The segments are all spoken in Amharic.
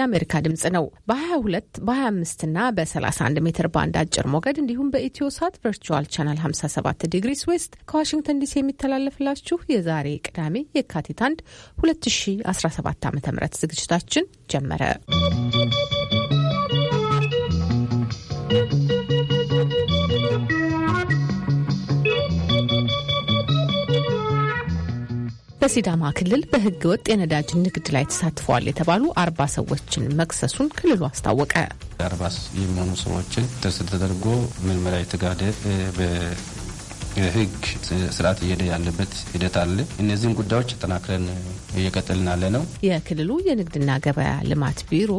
የአሜሪካ ድምጽ ነው። በ22 በ25 እና በ31 ሜትር ባንድ አጭር ሞገድ እንዲሁም በኢትዮ ሳት ቨርቹዋል ቻናል 57 ዲግሪስ ዌስት ከዋሽንግተን ዲሲ የሚተላለፍላችሁ የዛሬ ቅዳሜ የካቲት 1 2017 ዓ ም ዝግጅታችን ጀመረ። በሲዳማ ክልል በህገ ወጥ የነዳጅ ንግድ ላይ ተሳትፈዋል የተባሉ አርባ ሰዎችን መክሰሱን ክልሉ አስታወቀ። አርባ የሚሆኑ ሰዎችን ተደርጎ ምርመራ የተጋደ በህግ ስርዓት እየሄደ ያለበት ሂደት አለ። እነዚህም ጉዳዮች ተጠናክረን እየቀጠልን ያለ ነው። የክልሉ የንግድና ገበያ ልማት ቢሮ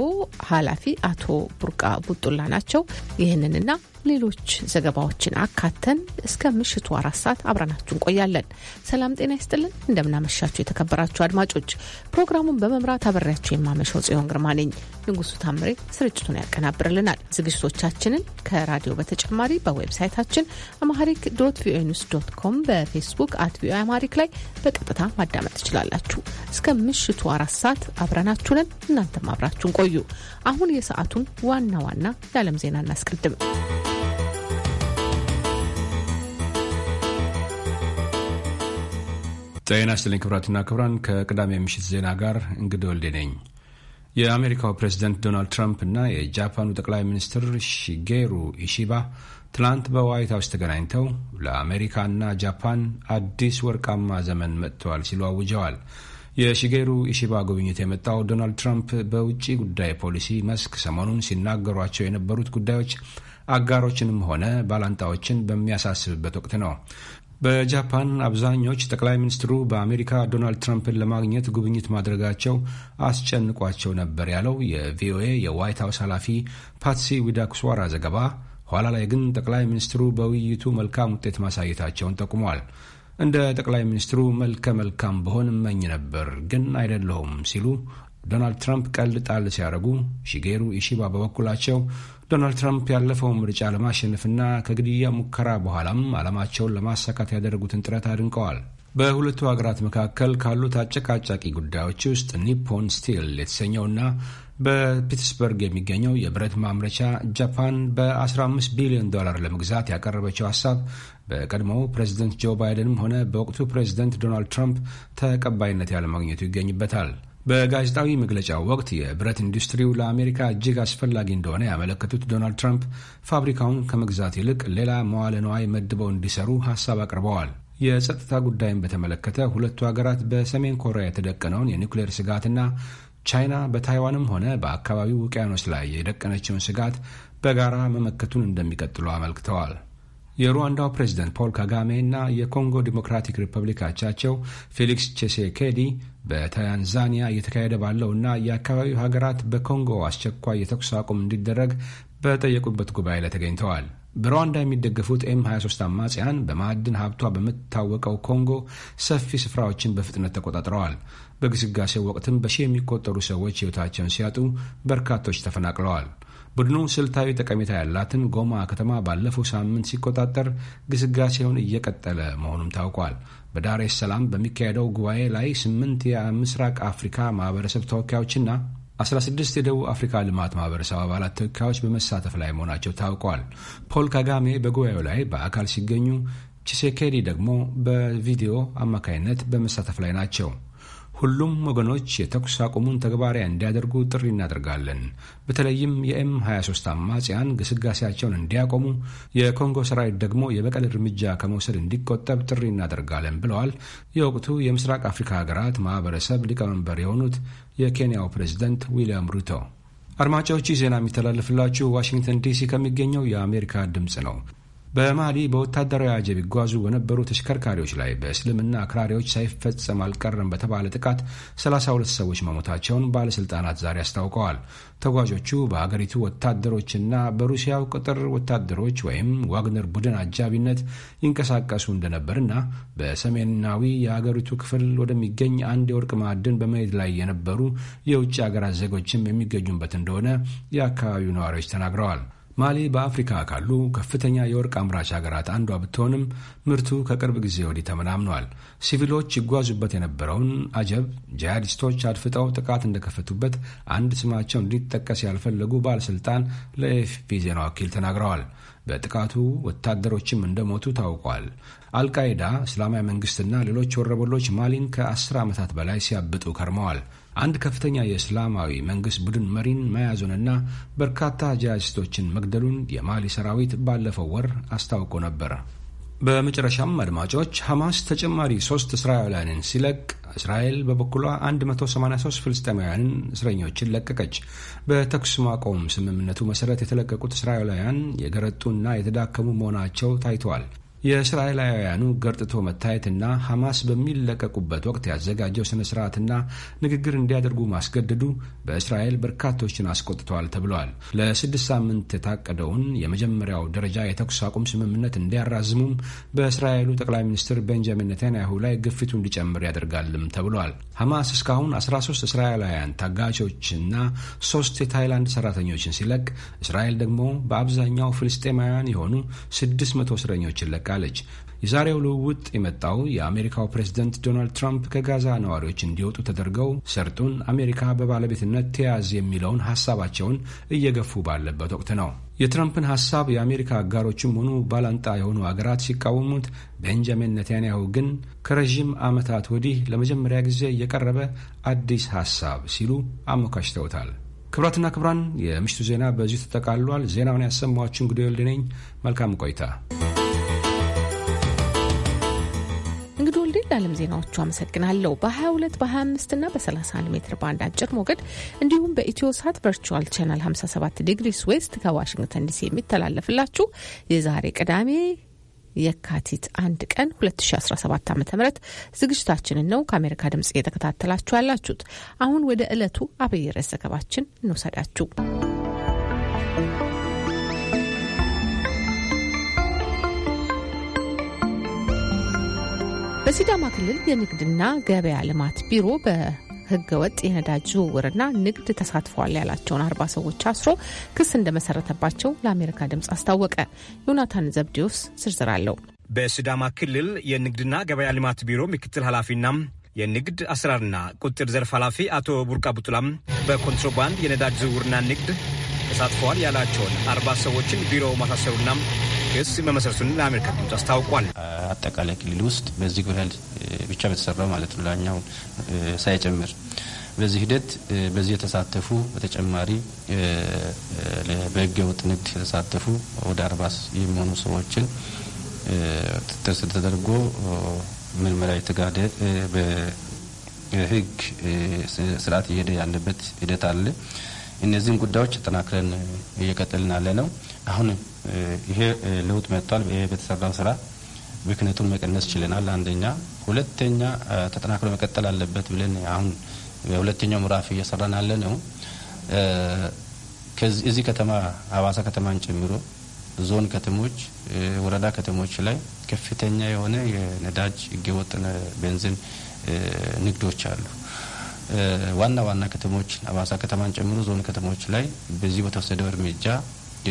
ኃላፊ አቶ ቡርቃ ቡጡላ ናቸው። ይህንንና ሌሎች ዘገባዎችን አካተን እስከ ምሽቱ አራት ሰዓት አብረናችሁ እንቆያለን። ሰላም ጤና ይስጥልን። እንደምናመሻችሁ የተከበራችሁ አድማጮች፣ ፕሮግራሙን በመምራት አበሬያችሁ የማመሸው ጽዮን ግርማ ነኝ። ንጉሱ ታምሬ ስርጭቱን ያቀናብርልናል። ዝግጅቶቻችንን ከራዲዮ በተጨማሪ በዌብሳይታችን አማሪክ ዶት ቪኦኤ ኒውስ ዶት ኮም፣ በፌስቡክ አት ቪኦኤ አማሪክ ላይ በቀጥታ ማዳመጥ ትችላላችሁ። እስከ ምሽቱ አራት ሰዓት አብረናችሁ ነን። እናንተም አብራችሁን ቆዩ። አሁን የሰዓቱን ዋና ዋና የዓለም ዜና እናስቀድም። ጤና ይስጥልኝ ክብራትና ክብራን፣ ከቅዳሜ ምሽት ዜና ጋር እንግዳ ወልዴ ነኝ። የአሜሪካው ፕሬዝደንት ዶናልድ ትራምፕ እና የጃፓኑ ጠቅላይ ሚኒስትር ሺጌሩ ኢሺባ ትናንት በዋይት ሀውስ ተገናኝተው ለአሜሪካና ጃፓን አዲስ ወርቃማ ዘመን መጥተዋል ሲሉ አውጀዋል። የሽጌሩ ኢሺባ ጉብኝት የመጣው ዶናልድ ትራምፕ በውጭ ጉዳይ ፖሊሲ መስክ ሰሞኑን ሲናገሯቸው የነበሩት ጉዳዮች አጋሮችንም ሆነ ባላንጣዎችን በሚያሳስብበት ወቅት ነው። በጃፓን አብዛኞች ጠቅላይ ሚኒስትሩ በአሜሪካ ዶናልድ ትራምፕን ለማግኘት ጉብኝት ማድረጋቸው አስጨንቋቸው ነበር ያለው የቪኦኤ የዋይት ሀውስ ኃላፊ ፓትሲ ዊዳኩስዋራ ዘገባ፣ ኋላ ላይ ግን ጠቅላይ ሚኒስትሩ በውይይቱ መልካም ውጤት ማሳየታቸውን ጠቁመዋል። እንደ ጠቅላይ ሚኒስትሩ መልከ መልካም በሆን እመኝ ነበር ግን አይደለሁም ሲሉ ዶናልድ ትራምፕ ቀልድ ጣል ሲያደርጉ፣ ሺጌሩ ኢሺባ በበኩላቸው ዶናልድ ትራምፕ ያለፈውን ምርጫ ለማሸነፍና ከግድያ ሙከራ በኋላም ዓላማቸውን ለማሳካት ያደረጉትን ጥረት አድንቀዋል። በሁለቱ ሀገራት መካከል ካሉት አጨቃጫቂ ጉዳዮች ውስጥ ኒፖን ስቲል የተሰኘውና በፒትስበርግ የሚገኘው የብረት ማምረቻ ጃፓን በ15 ቢሊዮን ዶላር ለመግዛት ያቀረበችው ሀሳብ በቀድሞው ፕሬዝደንት ጆ ባይደንም ሆነ በወቅቱ ፕሬዝደንት ዶናልድ ትራምፕ ተቀባይነት ያለማግኘቱ ይገኝበታል። በጋዜጣዊ መግለጫው ወቅት የብረት ኢንዱስትሪው ለአሜሪካ እጅግ አስፈላጊ እንደሆነ ያመለከቱት ዶናልድ ትራምፕ ፋብሪካውን ከመግዛት ይልቅ ሌላ መዋለ ነዋይ መድበው እንዲሰሩ ሀሳብ አቅርበዋል። የጸጥታ ጉዳይን በተመለከተ ሁለቱ ሀገራት በሰሜን ኮሪያ የተደቀነውን የኒውክሌር ስጋትና ቻይና በታይዋንም ሆነ በአካባቢው ውቅያኖች ላይ የደቀነችውን ስጋት በጋራ መመከቱን እንደሚቀጥሉ አመልክተዋል። የሩዋንዳው ፕሬዝደንት ፖል ካጋሜ እና የኮንጎ ዲሞክራቲክ ሪፐብሊክ አቻቸው ፌሊክስ ቼሴኬዲ በታንዛኒያ እየተካሄደ ባለው እና የአካባቢው ሀገራት በኮንጎ አስቸኳይ የተኩስ አቁም እንዲደረግ በጠየቁበት ጉባኤ ላይ ተገኝተዋል። በሩዋንዳ የሚደገፉት ኤም 23 አማጽያን በማዕድን ሀብቷ በምትታወቀው ኮንጎ ሰፊ ስፍራዎችን በፍጥነት ተቆጣጥረዋል። በግስጋሴው ወቅትም በሺ የሚቆጠሩ ሰዎች ሕይወታቸውን ሲያጡ በርካቶች ተፈናቅለዋል። ቡድኑ ስልታዊ ጠቀሜታ ያላትን ጎማ ከተማ ባለፈው ሳምንት ሲቆጣጠር ግስጋሴውን እየቀጠለ መሆኑም ታውቋል። በዳሬስ ሰላም በሚካሄደው ጉባኤ ላይ ስምንት የምስራቅ አፍሪካ ማህበረሰብ ተወካዮችና 16 የደቡብ አፍሪካ ልማት ማህበረሰብ አባላት ተወካዮች በመሳተፍ ላይ መሆናቸው ታውቋል። ፖል ካጋሜ በጉባኤው ላይ በአካል ሲገኙ፣ ቺሴኬዲ ደግሞ በቪዲዮ አማካይነት በመሳተፍ ላይ ናቸው። ሁሉም ወገኖች የተኩስ አቁሙን ተግባራዊ እንዲያደርጉ ጥሪ እናደርጋለን። በተለይም የኤም 23 አማጽያን ግስጋሴያቸውን እንዲያቆሙ፣ የኮንጎ ሰራዊት ደግሞ የበቀል እርምጃ ከመውሰድ እንዲቆጠብ ጥሪ እናደርጋለን ብለዋል የወቅቱ የምስራቅ አፍሪካ ሀገራት ማህበረሰብ ሊቀመንበር የሆኑት የኬንያው ፕሬዝደንት ዊልያም ሩቶ። አድማጮች ዜና የሚተላለፍላችሁ ዋሽንግተን ዲሲ ከሚገኘው የአሜሪካ ድምፅ ነው። በማሊ በወታደራዊ አጀብ ይጓዙ በነበሩ ተሽከርካሪዎች ላይ በእስልምና አክራሪዎች ሳይፈጸም አልቀረም በተባለ ጥቃት 32 ሰዎች መሞታቸውን ባለሥልጣናት ዛሬ አስታውቀዋል። ተጓዦቹ በሀገሪቱ ወታደሮችና በሩሲያው ቅጥር ወታደሮች ወይም ዋግነር ቡድን አጃቢነት ይንቀሳቀሱ እንደነበርና በሰሜናዊ የሀገሪቱ ክፍል ወደሚገኝ አንድ የወርቅ ማዕድን በመሄድ ላይ የነበሩ የውጭ አገራት ዜጎችም የሚገኙበት እንደሆነ የአካባቢው ነዋሪዎች ተናግረዋል። ማሊ በአፍሪካ ካሉ ከፍተኛ የወርቅ አምራች ሀገራት አንዷ ብትሆንም ምርቱ ከቅርብ ጊዜ ወዲህ ተመናምኗል። ሲቪሎች ይጓዙበት የነበረውን አጀብ ጂሃዲስቶች አድፍጠው ጥቃት እንደከፈቱበት አንድ ስማቸው እንዲጠቀስ ያልፈለጉ ባለሥልጣን ለኤፍፒ ዜና ወኪል ተናግረዋል። በጥቃቱ ወታደሮችም እንደሞቱ ታውቋል። አልቃይዳ፣ እስላማዊ መንግሥትና ሌሎች ወረበሎች ማሊን ከአስር ዓመታት በላይ ሲያብጡ ከርመዋል። አንድ ከፍተኛ የእስላማዊ መንግሥት ቡድን መሪን መያዙንና በርካታ ጂሃዲስቶችን መግደሉን የማሊ ሰራዊት ባለፈው ወር አስታውቆ ነበር። በመጨረሻም አድማጮች፣ ሐማስ ተጨማሪ ሶስት እስራኤላውያንን ሲለቅ እስራኤል በበኩሏ 183 ፍልስጤማውያንን እስረኞችን ለቀቀች። በተኩስ ማቆም ስምምነቱ መሠረት የተለቀቁት እስራኤላውያን የገረጡና የተዳከሙ መሆናቸው ታይተዋል። የእስራኤላውያኑ ገርጥቶ መታየትና ሐማስ በሚለቀቁበት ወቅት ያዘጋጀው ስነ ስርዓትና ንግግር እንዲያደርጉ ማስገደዱ በእስራኤል በርካቶችን አስቆጥተዋል ተብለዋል። ለስድስት ሳምንት የታቀደውን የመጀመሪያው ደረጃ የተኩስ አቁም ስምምነት እንዲያራዝሙም በእስራኤሉ ጠቅላይ ሚኒስትር ቤንጃሚን ኔታንያሁ ላይ ግፊቱ እንዲጨምር ያደርጋልም ተብሏል። ሐማስ እስካሁን 13 እስራኤላውያን ታጋቾችና ሶስት የታይላንድ ሰራተኞችን ሲለቅ፣ እስራኤል ደግሞ በአብዛኛው ፍልስጤማውያን የሆኑ 600 እስረኞችን ለቀ አስጠንቅቃለች። የዛሬው ልውውጥ የመጣው የአሜሪካው ፕሬዝደንት ዶናልድ ትራምፕ ከጋዛ ነዋሪዎች እንዲወጡ ተደርገው ሰርጡን አሜሪካ በባለቤትነት ተያዝ የሚለውን ሀሳባቸውን እየገፉ ባለበት ወቅት ነው። የትራምፕን ሀሳብ የአሜሪካ አጋሮችም ሆኑ ባላንጣ የሆኑ አገራት ሲቃወሙት፣ ቤንጃሚን ነታንያሁ ግን ከረዥም ዓመታት ወዲህ ለመጀመሪያ ጊዜ የቀረበ አዲስ ሀሳብ ሲሉ አሞካሽተውታል። ክብራትና ክብራን፣ የምሽቱ ዜና በዚሁ ተጠቃልሏል። ዜናውን ያሰማኋችሁ እንግዲህ ወልድ ነኝ። መልካም ቆይታ ለዓለም ዜናዎቹ አመሰግናለሁ። በ22 በ25 እና በ31 ሜትር ባንድ አጭር ሞገድ እንዲሁም በኢትዮ ሳት ቨርቹዋል ቻናል 57 ዲግሪስ ዌስት ከዋሽንግተን ዲሲ የሚተላለፍላችሁ የዛሬ ቅዳሜ የካቲት አንድ ቀን 2017 ዓ ም ዝግጅታችንን ነው ከአሜሪካ ድምፅ እየተከታተላችሁ ያላችሁት። አሁን ወደ ዕለቱ አብይ ርዕስ ዘገባችን እንውሰዳችሁ። በሲዳማ ክልል የንግድና ገበያ ልማት ቢሮ ህገ ወጥ የነዳጅ ዝውውርና ንግድ ተሳትፈዋል ያላቸውን አርባ ሰዎች አስሮ ክስ እንደመሰረተባቸው ለአሜሪካ ድምፅ አስታወቀ። ዮናታን ዘብዲዮስ ዝርዝር አለው። በሲዳማ ክልል የንግድና ገበያ ልማት ቢሮ ምክትል ኃላፊና የንግድ አሰራርና ቁጥጥር ዘርፍ ኃላፊ አቶ ቡርቃ ቡጡላም በኮንትሮባንድ የነዳጅ ዝውውርና ንግድ ተሳትፈዋል ያላቸውን አርባ ሰዎችን ቢሮ ማሳሰሩና ክስ መመሰረቱን ለአሜሪካ ድምጽ አስታውቋል። አጠቃላይ ክልል ውስጥ በዚህ ጉዳይ ብቻ በተሰራው ማለት ነው ላኛው ሳይጨምር በዚህ ሂደት በዚህ የተሳተፉ በተጨማሪ በህገ ወጥ ንግድ የተሳተፉ ወደ አርባ የሚሆኑ ሰዎችን ጥርስ ተደርጎ ምርመራ የተጋደ በህግ ስርዓት እየሄደ ያለበት ሂደት አለ። እነዚህን ጉዳዮች ተጠናክረን እየቀጠልን ያለ ነው አሁን ይሄ ለውጥ መጥቷል። በተሰራው ስራ ብክነቱን መቀነስ ችለናል። አንደኛ። ሁለተኛ ተጠናክሮ መቀጠል አለበት ብለን አሁን በሁለተኛው ምዕራፍ እየሰራን ያለ ነው። እዚህ ከተማ ሀዋሳ ከተማን ጨምሮ ዞን ከተሞች፣ ወረዳ ከተሞች ላይ ከፍተኛ የሆነ የነዳጅ ህገወጥ ቤንዚን ንግዶች አሉ። ዋና ዋና ከተሞች ሀዋሳ ከተማን ጨምሮ ዞን ከተሞች ላይ በዚህ በተወሰደው እርምጃ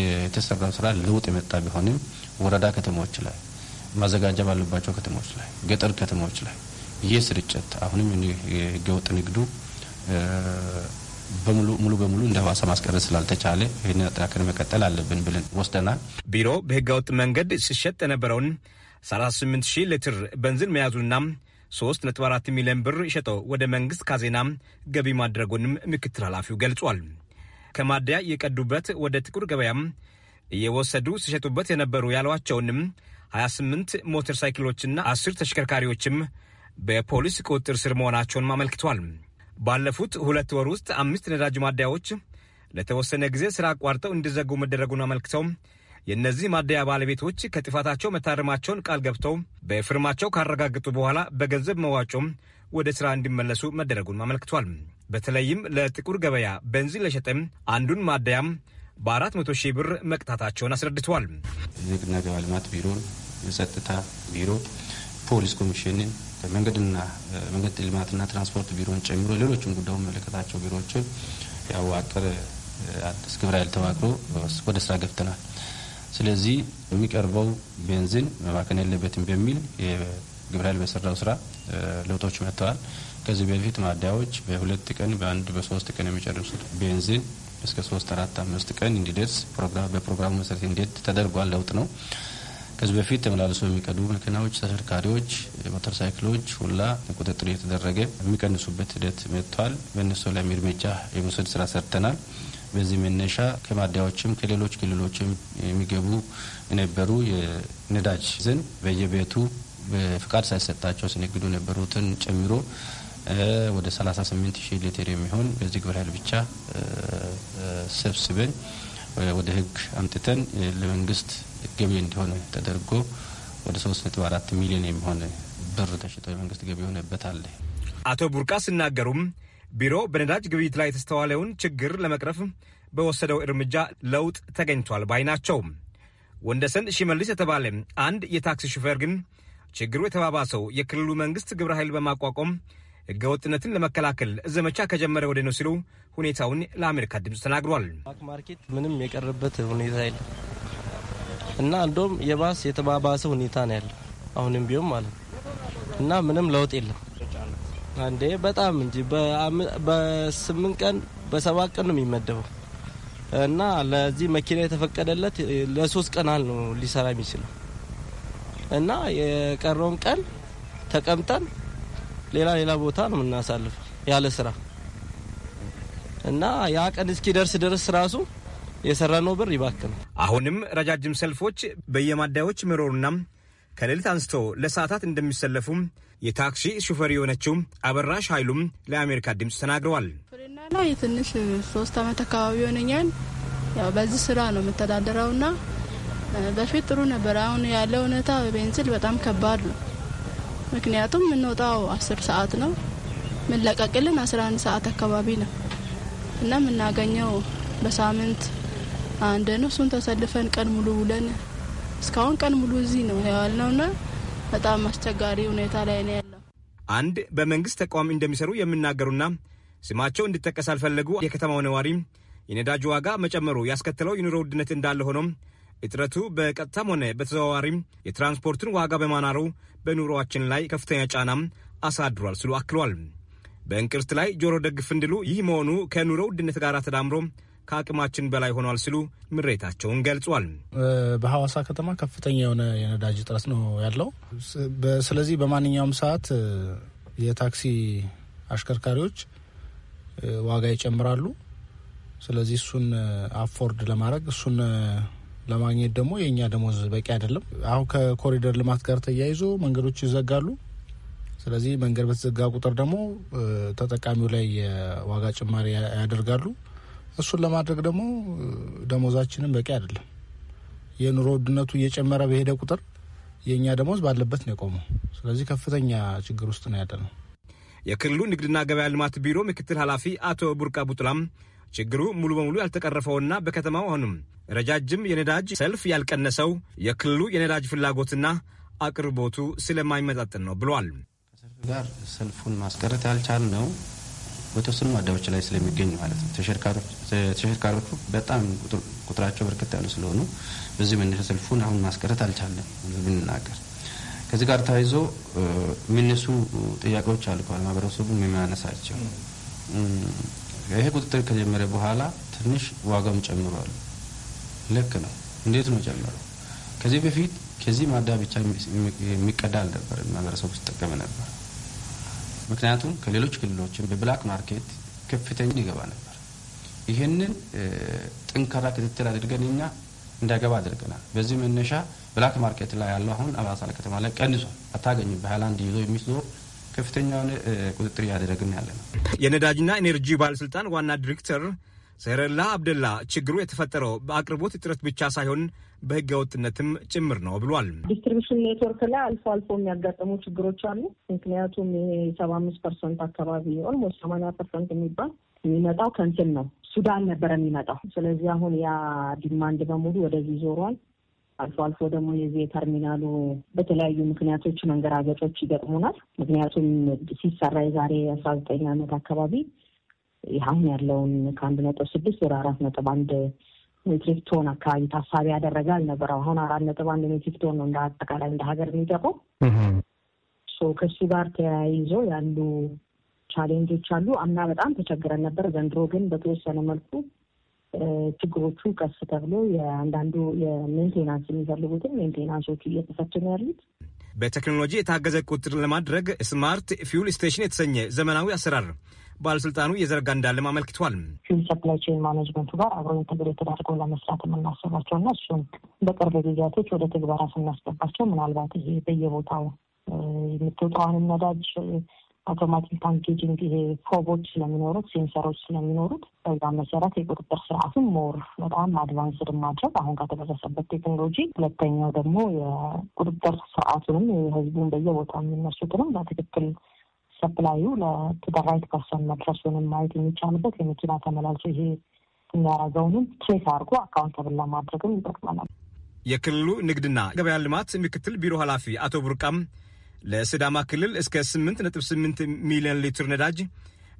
የተሰራው ስራ ለውጥ የመጣ ቢሆንም ወረዳ ከተሞች ላይ ማዘጋጃ ባለባቸው ከተሞች ላይ፣ ገጠር ከተሞች ላይ ይህ ስርጭት አሁንም የህገወጥ ንግዱ ሙሉ በሙሉ እንደ ሀዋሳ ማስቀረት ስላልተቻለ ይህን አጠናክረን መቀጠል አለብን ብለን ወስደናል። ቢሮ በህገወጥ መንገድ ሲሸጥ የነበረውን 38 ሺህ ሊትር በንዝን መያዙና 3.4 ሚሊዮን ብር ሸጠው ወደ መንግስት ካዜና ገቢ ማድረጉንም ምክትል ኃላፊው ገልጿል። ከማደያ እየቀዱበት ወደ ጥቁር ገበያም እየወሰዱ ሲሸጡበት የነበሩ ያሏቸውንም 28 ሞተር ሳይክሎችና 10 ተሽከርካሪዎችም በፖሊስ ቁጥጥር ስር መሆናቸውን አመልክቷል። ባለፉት ሁለት ወር ውስጥ አምስት ነዳጅ ማደያዎች ለተወሰነ ጊዜ ስራ አቋርጠው እንዲዘጉ መደረጉን አመልክተው የእነዚህ ማደያ ባለቤቶች ከጥፋታቸው መታረማቸውን ቃል ገብተው በፊርማቸው ካረጋገጡ በኋላ በገንዘብ መዋጮም ወደ ስራ እንዲመለሱ መደረጉን አመልክቷል። በተለይም ለጥቁር ገበያ ቤንዚን ለሸጠም አንዱን ማደያም በአራት መቶ ሺህ ብር መቅጣታቸውን አስረድተዋል። ንግድና ገበያ ልማት ቢሮን፣ የጸጥታ ቢሮ፣ ፖሊስ ኮሚሽንን፣ መንገድና መንገድ ልማትና ትራንስፖርት ቢሮን ጨምሮ ሌሎችም ጉዳዩ መለከታቸው ቢሮዎችን ያዋቀረ አዲስ ግብረ ኃይል ተዋቅሮ ወደ ስራ ገብተናል። ስለዚህ የሚቀርበው ቤንዚን መባከን የለበትም በሚል የግብረ ኃይል በሰራው ስራ ለውጦች መጥተዋል። ከዚህ በፊት ማደያዎች በሁለት ቀን በአንድ በሶስት ቀን የሚጨርሱት ቤንዚን እስከ ሶስት አራት አምስት ቀን እንዲደርስ በፕሮግራሙ መሰረት እንዴት ተደርጓል። ለውጥ ነው። ከዚህ በፊት ተመላልሶ የሚቀዱ መኪናዎች፣ ተሽከርካሪዎች፣ ሞተር ሳይክሎች ሁላ ቁጥጥር እየተደረገ የሚቀንሱበት ሂደት መጥቷል። በእነሱ ላይም እርምጃ የመውሰድ ስራ ሰርተናል። በዚህ መነሻ ከማደያዎችም ከሌሎች ክልሎችም የሚገቡ የነበሩ የነዳጅ ዘን በየቤቱ በፍቃድ ሳይሰጣቸው ሲነግዱ የነበሩትን ጨምሮ ወደ 38 ሺህ ሊትር የሚሆን በዚህ ግብረ ኃይል ብቻ ሰብስበን ወደ ህግ አምጥተን ለመንግስት ገቢ እንዲሆን ተደርጎ ወደ 3.4 ሚሊዮን የሚሆን ብር ተሽጦ የመንግስት ገቢ ሆነበታል። አቶ ቡርቃ ሲናገሩም ቢሮ በነዳጅ ግብይት ላይ የተስተዋለውን ችግር ለመቅረፍ በወሰደው እርምጃ ለውጥ ተገኝቷል ባይ ናቸው። ወንደሰን ሽመልስ የተባለ አንድ የታክሲ ሹፌር ግን ችግሩ የተባባሰው የክልሉ መንግስት ግብረ ኃይል በማቋቋም ህገወጥነትን ለመከላከል ዘመቻ ከጀመረ ወደ ነው ሲሉ ሁኔታውን ለአሜሪካ ድምፅ ተናግሯል። ብላክ ማርኬት ምንም የቀረበት ሁኔታ የለም እና እንደውም የባስ የተባባሰ ሁኔታ ነው ያለው አሁንም ቢሆን ማለት ነው እና ምንም ለውጥ የለም። አንዴ በጣም እንጂ በስምንት ቀን በሰባት ቀን ነው የሚመደበው እና ለዚህ መኪና የተፈቀደለት ለሶስት ቀናል ነው ሊሰራ የሚችለው እና የቀረውን ቀን ተቀምጠን ሌላ ሌላ ቦታ ነው የምናሳልፈው ያለ ስራ እና ያ ቀን እስኪደርስ ድረስ ራሱ የሰራ ነው ብር ነው። አሁንም ረጃጅም ሰልፎች በየማዳዮች መኖሩና ከሌሊት አንስቶ ለሰዓታት እንደሚሰለፉ የታክሲ ሹፌር የሆነችው አበራሽ ኃይሉም ለአሜሪካ ድምፅ ተናግረዋል። ፍሬና ነው የትንሽ ሶስት አመት አካባቢ ሆነኛል። ያው በዚህ ስራ ነው የምተዳደረውና በፊት ጥሩ ነበር። አሁን ያለው ሁኔታ በቤንዚል በጣም ከባድ ነው። ምክንያቱም የምንወጣው አስር ሰዓት ነው የምንለቀቅልን አስራ አንድ ሰዓት አካባቢ ነው እና የምናገኘው በሳምንት አንድ ነው። እሱን ተሰልፈን ቀን ሙሉ ውለን እስካሁን ቀን ሙሉ እዚህ ነው እና በጣም አስቸጋሪ ሁኔታ ላይ ነው ያለው። አንድ በመንግስት ተቋም እንደሚሰሩ የሚናገሩና ስማቸው እንዲጠቀስ አልፈለጉ የከተማው ነዋሪ የነዳጅ ዋጋ መጨመሩ ያስከተለው የኑሮ ውድነት እንዳለ ሆኖም እጥረቱ በቀጥታም ሆነ በተዘዋዋሪም የትራንስፖርትን ዋጋ በማናሩ በኑሯችን ላይ ከፍተኛ ጫናም አሳድሯል ሲሉ አክሏል። በእንቅርት ላይ ጆሮ ደግፍ እንዲሉ ይህ መሆኑ ከኑሮ ውድነት ጋር ተዳምሮ ከአቅማችን በላይ ሆኗል ሲሉ ምሬታቸውን ገልጿል። በሐዋሳ ከተማ ከፍተኛ የሆነ የነዳጅ እጥረት ነው ያለው። ስለዚህ በማንኛውም ሰዓት የታክሲ አሽከርካሪዎች ዋጋ ይጨምራሉ። ስለዚህ እሱን አፎርድ ለማድረግ እሱን ለማግኘት ደግሞ የእኛ ደሞዝ በቂ አይደለም። አሁን ከኮሪደር ልማት ጋር ተያይዞ መንገዶች ይዘጋሉ። ስለዚህ መንገድ በተዘጋ ቁጥር ደግሞ ተጠቃሚው ላይ የዋጋ ጭማሪ ያደርጋሉ። እሱን ለማድረግ ደግሞ ደሞዛችንም በቂ አይደለም። የኑሮ ውድነቱ እየጨመረ በሄደ ቁጥር የእኛ ደሞዝ ባለበት ነው የቆመው። ስለዚህ ከፍተኛ ችግር ውስጥ ነው ያለ ነው። የክልሉ ንግድና ገበያ ልማት ቢሮ ምክትል ኃላፊ አቶ ቡርቃ ቡጥላም ችግሩ ሙሉ በሙሉ ያልተቀረፈውና በከተማው አሁንም ረጃጅም የነዳጅ ሰልፍ ያልቀነሰው የክልሉ የነዳጅ ፍላጎትና አቅርቦቱ ስለማይመጣጥን ነው ብሏል። ጋር ሰልፉን ማስቀረት ያልቻል ነው በተወሰኑ አዳዎች ላይ ስለሚገኝ ማለት ነው። ተሽከርካሪዎቹ በጣም ቁጥራቸው በርከት ያሉ ስለሆኑ በዚህ መነሻ ሰልፉን አሁን ማስቀረት አልቻለም ብንናገር ከዚህ ጋር ተያይዞ የሚነሱ ጥያቄዎች አሉ። ማህበረሰቡ የሚያነሳቸው ይሄ ቁጥጥር ከጀመረ በኋላ ትንሽ ዋጋም ጨምሯል። ልክ ነው። እንዴት ነው ጨመረው? ከዚህ በፊት ከዚህ ማዳ ብቻ የሚቀዳ አልነበርም፣ ማህበረሰቡ ሲጠቀም ነበር። ምክንያቱም ከሌሎች ክልሎችን በብላክ ማርኬት ከፍተኛ ይገባ ነበር። ይህንን ጠንካራ ክትትል አድርገን እኛ እንዳይገባ አድርገናል። በዚህ መነሻ ብላክ ማርኬት ላይ ያለው አሁን አባሳል ከተማ ላይ ቀንሷል። አታገኝም። በሃይላንድ ይዞ የሚዞር ከፍተኛውን ቁጥጥር እያደረግን ያለ ነው። የነዳጅና ኤኔርጂ ባለስልጣን ዋና ዲሬክተር ሰረላ አብደላ ችግሩ የተፈጠረው በአቅርቦት እጥረት ብቻ ሳይሆን በህገ ወጥነትም ጭምር ነው ብሏል። ዲስትሪቢሽን ኔትወርክ ላይ አልፎ አልፎ የሚያጋጠሙ ችግሮች አሉ። ምክንያቱም ይሄ ሰባ አምስት ፐርሰንት አካባቢ ኦልሞስት ሰማንያ ፐርሰንት የሚባል የሚመጣው ከንትን ነው ሱዳን ነበር የሚመጣው። ስለዚህ አሁን ያ ዲማንድ በሙሉ ወደዚህ ዞሯል። አልፎ አልፎ ደግሞ የዚህ የተርሚናሉ በተለያዩ ምክንያቶች መንገራገጮች ይገጥሙናል። ምክንያቱም ሲሰራ የዛሬ አስራ ዘጠኝ ዓመት አካባቢ አሁን ያለውን ከአንድ ነጥብ ስድስት ወደ አራት ነጥብ አንድ ሜትሪክ ቶን አካባቢ ታሳቢ ያደረገ አልነበረም። አሁን አራት ነጥብ አንድ ሜትሪክ ቶን ነው እንደ አጠቃላይ እንደ ሀገር የሚጠቀው። ከሱ ጋር ተያይዞ ያሉ ቻሌንጆች አሉ። አምና በጣም ተቸግረን ነበር። ዘንድሮ ግን በተወሰነ መልኩ ችግሮቹ ቀስ ተብሎ የአንዳንዱ የሜንቴናንስ የሚፈልጉትን ሜንቴናንሶቹ እየተፈቱ ነው ያሉት። በቴክኖሎጂ የታገዘ ቁጥጥር ለማድረግ ስማርት ፊውል ስቴሽን የተሰኘ ዘመናዊ አሰራር ባለስልጣኑ የዘረጋ እንዳለም አመልክቷል። ፊውል ሰፕላይ ቼን ማኔጅመንቱ ጋር አብሮ ኢንተግሬት ተደርጎ ለመስራት የምናስባቸው እና እሱም በቅርብ ጊዜያቶች ወደ ትግበራ ስናስገባቸው ምናልባት ይሄ በየቦታው የምትወጣውንም ነዳጅ አውቶማቲክ ፓኬጂንግ ይሄ ፎቦች ስለሚኖሩት ሴንሰሮች ስለሚኖሩት በዛ መሰረት የቁጥጥር ስርዓቱን ሞር በጣም አድቫንስድ ማድረግ አሁን ከተደረሰበት ቴክኖሎጂ፣ ሁለተኛው ደግሞ የቁጥጥር ስርዓቱንም የህዝቡን በየቦታው የሚነሱትንም በትክክል ሰፕላዩ ለተደራይት ፐርሰን መድረሱንም ማየት የሚቻልበት የመኪና ተመላልሶ ይሄ የሚያረገውንም ትሬስ አድርጎ አካውንተብል ለማድረግም ይጠቅመናል። የክልሉ ንግድና ገበያ ልማት ምክትል ቢሮ ኃላፊ አቶ ቡርቃም ለስዳማ ክልል እስከ 8.8 ሚሊዮን ሊትር ነዳጅ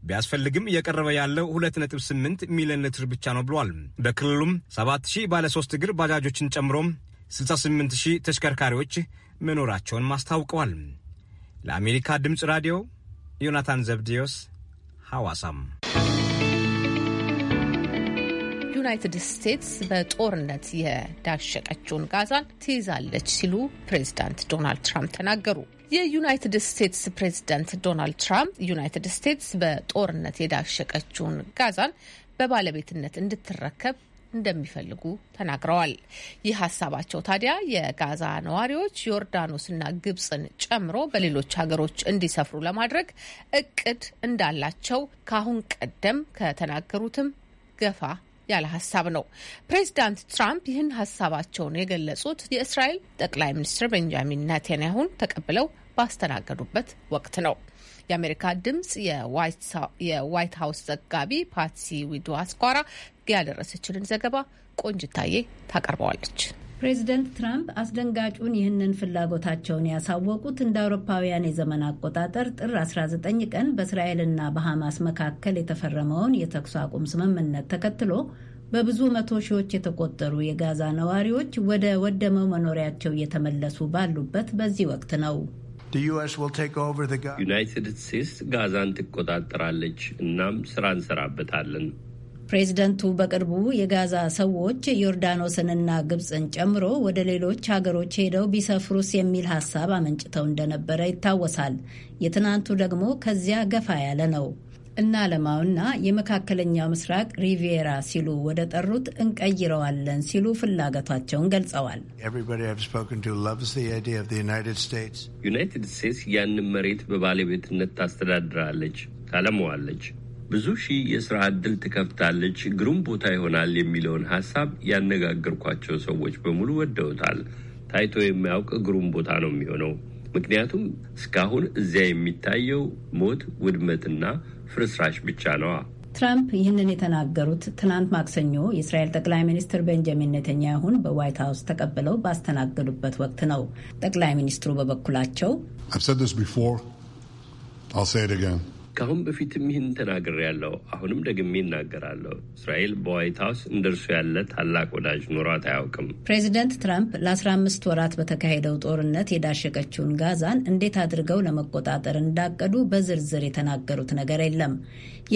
ቢያስፈልግም እየቀረበ ያለው 2.8 ሚሊዮን ሊትር ብቻ ነው ብሏል። በክልሉም 7000 ባለ 3 እግር ባጃጆችን ጨምሮ 68000 ተሽከርካሪዎች መኖራቸውን ማስታውቀዋል። ለአሜሪካ ድምፅ ራዲዮ ዮናታን ዘብዲዮስ ሐዋሳም። ዩናይትድ ስቴትስ በጦርነት የዳሸቀችውን ጋዛን ትይዛለች ሲሉ ፕሬዚዳንት ዶናልድ ትራምፕ ተናገሩ። የዩናይትድ ስቴትስ ፕሬዝዳንት ዶናልድ ትራምፕ ዩናይትድ ስቴትስ በጦርነት የዳሸቀችውን ጋዛን በባለቤትነት እንድትረከብ እንደሚፈልጉ ተናግረዋል። ይህ ሀሳባቸው ታዲያ የጋዛ ነዋሪዎች ዮርዳኖስና ግብጽን ጨምሮ በሌሎች ሀገሮች እንዲሰፍሩ ለማድረግ እቅድ እንዳላቸው ከአሁን ቀደም ከተናገሩትም ገፋ ያለ ሀሳብ ነው። ፕሬዚዳንት ትራምፕ ይህን ሀሳባቸውን የገለጹት የእስራኤል ጠቅላይ ሚኒስትር ቤንጃሚን ኔታንያሁን ተቀብለው ባስተናገዱበት ወቅት ነው። የአሜሪካ ድምጽ የዋይት ሀውስ ዘጋቢ ፓትሲ ዊዶ አስኳራ ያደረሰችልን ዘገባ ቆንጅታዬ ታቀርበዋለች። ፕሬዚደንት ትራምፕ አስደንጋጩን ይህንን ፍላጎታቸውን ያሳወቁት እንደ አውሮፓውያን የዘመን አቆጣጠር ጥር 19 ቀን በእስራኤልና በሐማስ መካከል የተፈረመውን የተኩስ አቁም ስምምነት ተከትሎ በብዙ መቶ ሺዎች የተቆጠሩ የጋዛ ነዋሪዎች ወደ ወደመው መኖሪያቸው እየተመለሱ ባሉበት በዚህ ወቅት ነው። ዩናይትድ ስቴትስ ጋዛን ትቆጣጠራለች። እናም ስራ እንሰራበታለን። ፕሬዚደንቱ በቅርቡ የጋዛ ሰዎች ዮርዳኖስንና ግብፅን ጨምሮ ወደ ሌሎች ሀገሮች ሄደው ቢሰፍሩስ የሚል ሀሳብ አመንጭተው እንደነበረ ይታወሳል። የትናንቱ ደግሞ ከዚያ ገፋ ያለ ነው። እናለማውና የመካከለኛው ምስራቅ ሪቪየራ ሲሉ ወደ ጠሩት እንቀይረዋለን ሲሉ ፍላጎታቸውን ገልጸዋል። ዩናይትድ ስቴትስ ያንን መሬት በባለቤትነት ታስተዳድራለች፣ ታለመዋለች፣ ብዙ ሺህ የስራ ዕድል ትከፍታለች፣ ግሩም ቦታ ይሆናል የሚለውን ሀሳብ ያነጋገርኳቸው ሰዎች በሙሉ ወደውታል። ታይቶ የሚያውቅ ግሩም ቦታ ነው የሚሆነው ምክንያቱም እስካሁን እዚያ የሚታየው ሞት ውድመትና ፍርስራሽ ብቻ ነዋ። ትራምፕ ይህንን የተናገሩት ትናንት ማክሰኞ የእስራኤል ጠቅላይ ሚኒስትር ቤንጃሚን ኔተንያሁን በዋይት ሀውስ ተቀብለው ባስተናገዱበት ወቅት ነው። ጠቅላይ ሚኒስትሩ በበኩላቸው ከአሁን በፊትም ይህን ያለው አሁንም ደግሜ ይናገራለሁ። እስራኤል በዋይት ሀውስ እንደ እርሱ ያለ ታላቅ ወዳጅ ኖሯት አያውቅም። ፕሬዚደንት ትራምፕ ለ15 ወራት በተካሄደው ጦርነት የዳሸቀችውን ጋዛን እንዴት አድርገው ለመቆጣጠር እንዳቀዱ በዝርዝር የተናገሩት ነገር የለም።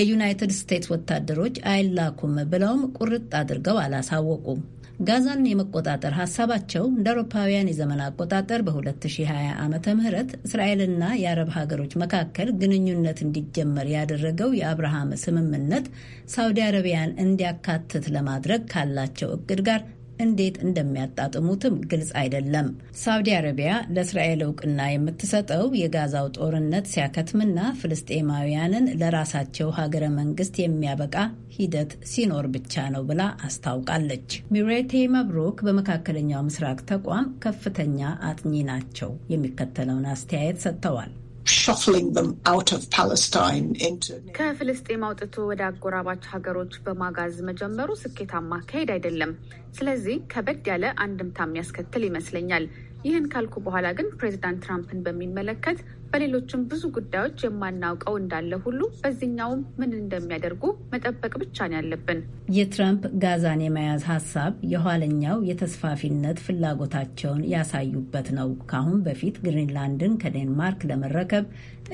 የዩናይትድ ስቴትስ ወታደሮች አይላኩም ብለውም ቁርጥ አድርገው አላሳወቁም። ጋዛን የመቆጣጠር ሀሳባቸው እንደ አውሮፓውያን የዘመን አቆጣጠር በ2020 ዓ ም እስራኤልና የአረብ ሀገሮች መካከል ግንኙነት እንዲጀመር ያደረገው የአብርሃም ስምምነት ሳውዲ አረቢያን እንዲያካትት ለማድረግ ካላቸው እቅድ ጋር እንዴት እንደሚያጣጥሙትም ግልጽ አይደለም። ሳውዲ አረቢያ ለእስራኤል እውቅና የምትሰጠው የጋዛው ጦርነት ሲያከትምና ፍልስጤማውያንን ለራሳቸው ሀገረ መንግስት የሚያበቃ ሂደት ሲኖር ብቻ ነው ብላ አስታውቃለች። ሚሬቴ መብሮክ በመካከለኛው ምስራቅ ተቋም ከፍተኛ አጥኚ ናቸው። የሚከተለውን አስተያየት ሰጥተዋል። ከፍልስጤም አውጥቶ ወደ አጎራባች ሀገሮች በማጋዝ መጀመሩ ስኬታማ አካሄድ አይደለም። ስለዚህ ከበድ ያለ አንድምታ የሚያስከትል ይመስለኛል። ይህን ካልኩ በኋላ ግን ፕሬዚዳንት ትራምፕን በሚመለከት በሌሎችም ብዙ ጉዳዮች የማናውቀው እንዳለ ሁሉ በዚህኛውም ምን እንደሚያደርጉ መጠበቅ ብቻ ነው ያለብን። የትራምፕ ጋዛን የመያዝ ሀሳብ የኋለኛው የተስፋፊነት ፍላጎታቸውን ያሳዩበት ነው። ከአሁን በፊት ግሪንላንድን ከዴንማርክ ለመረከብ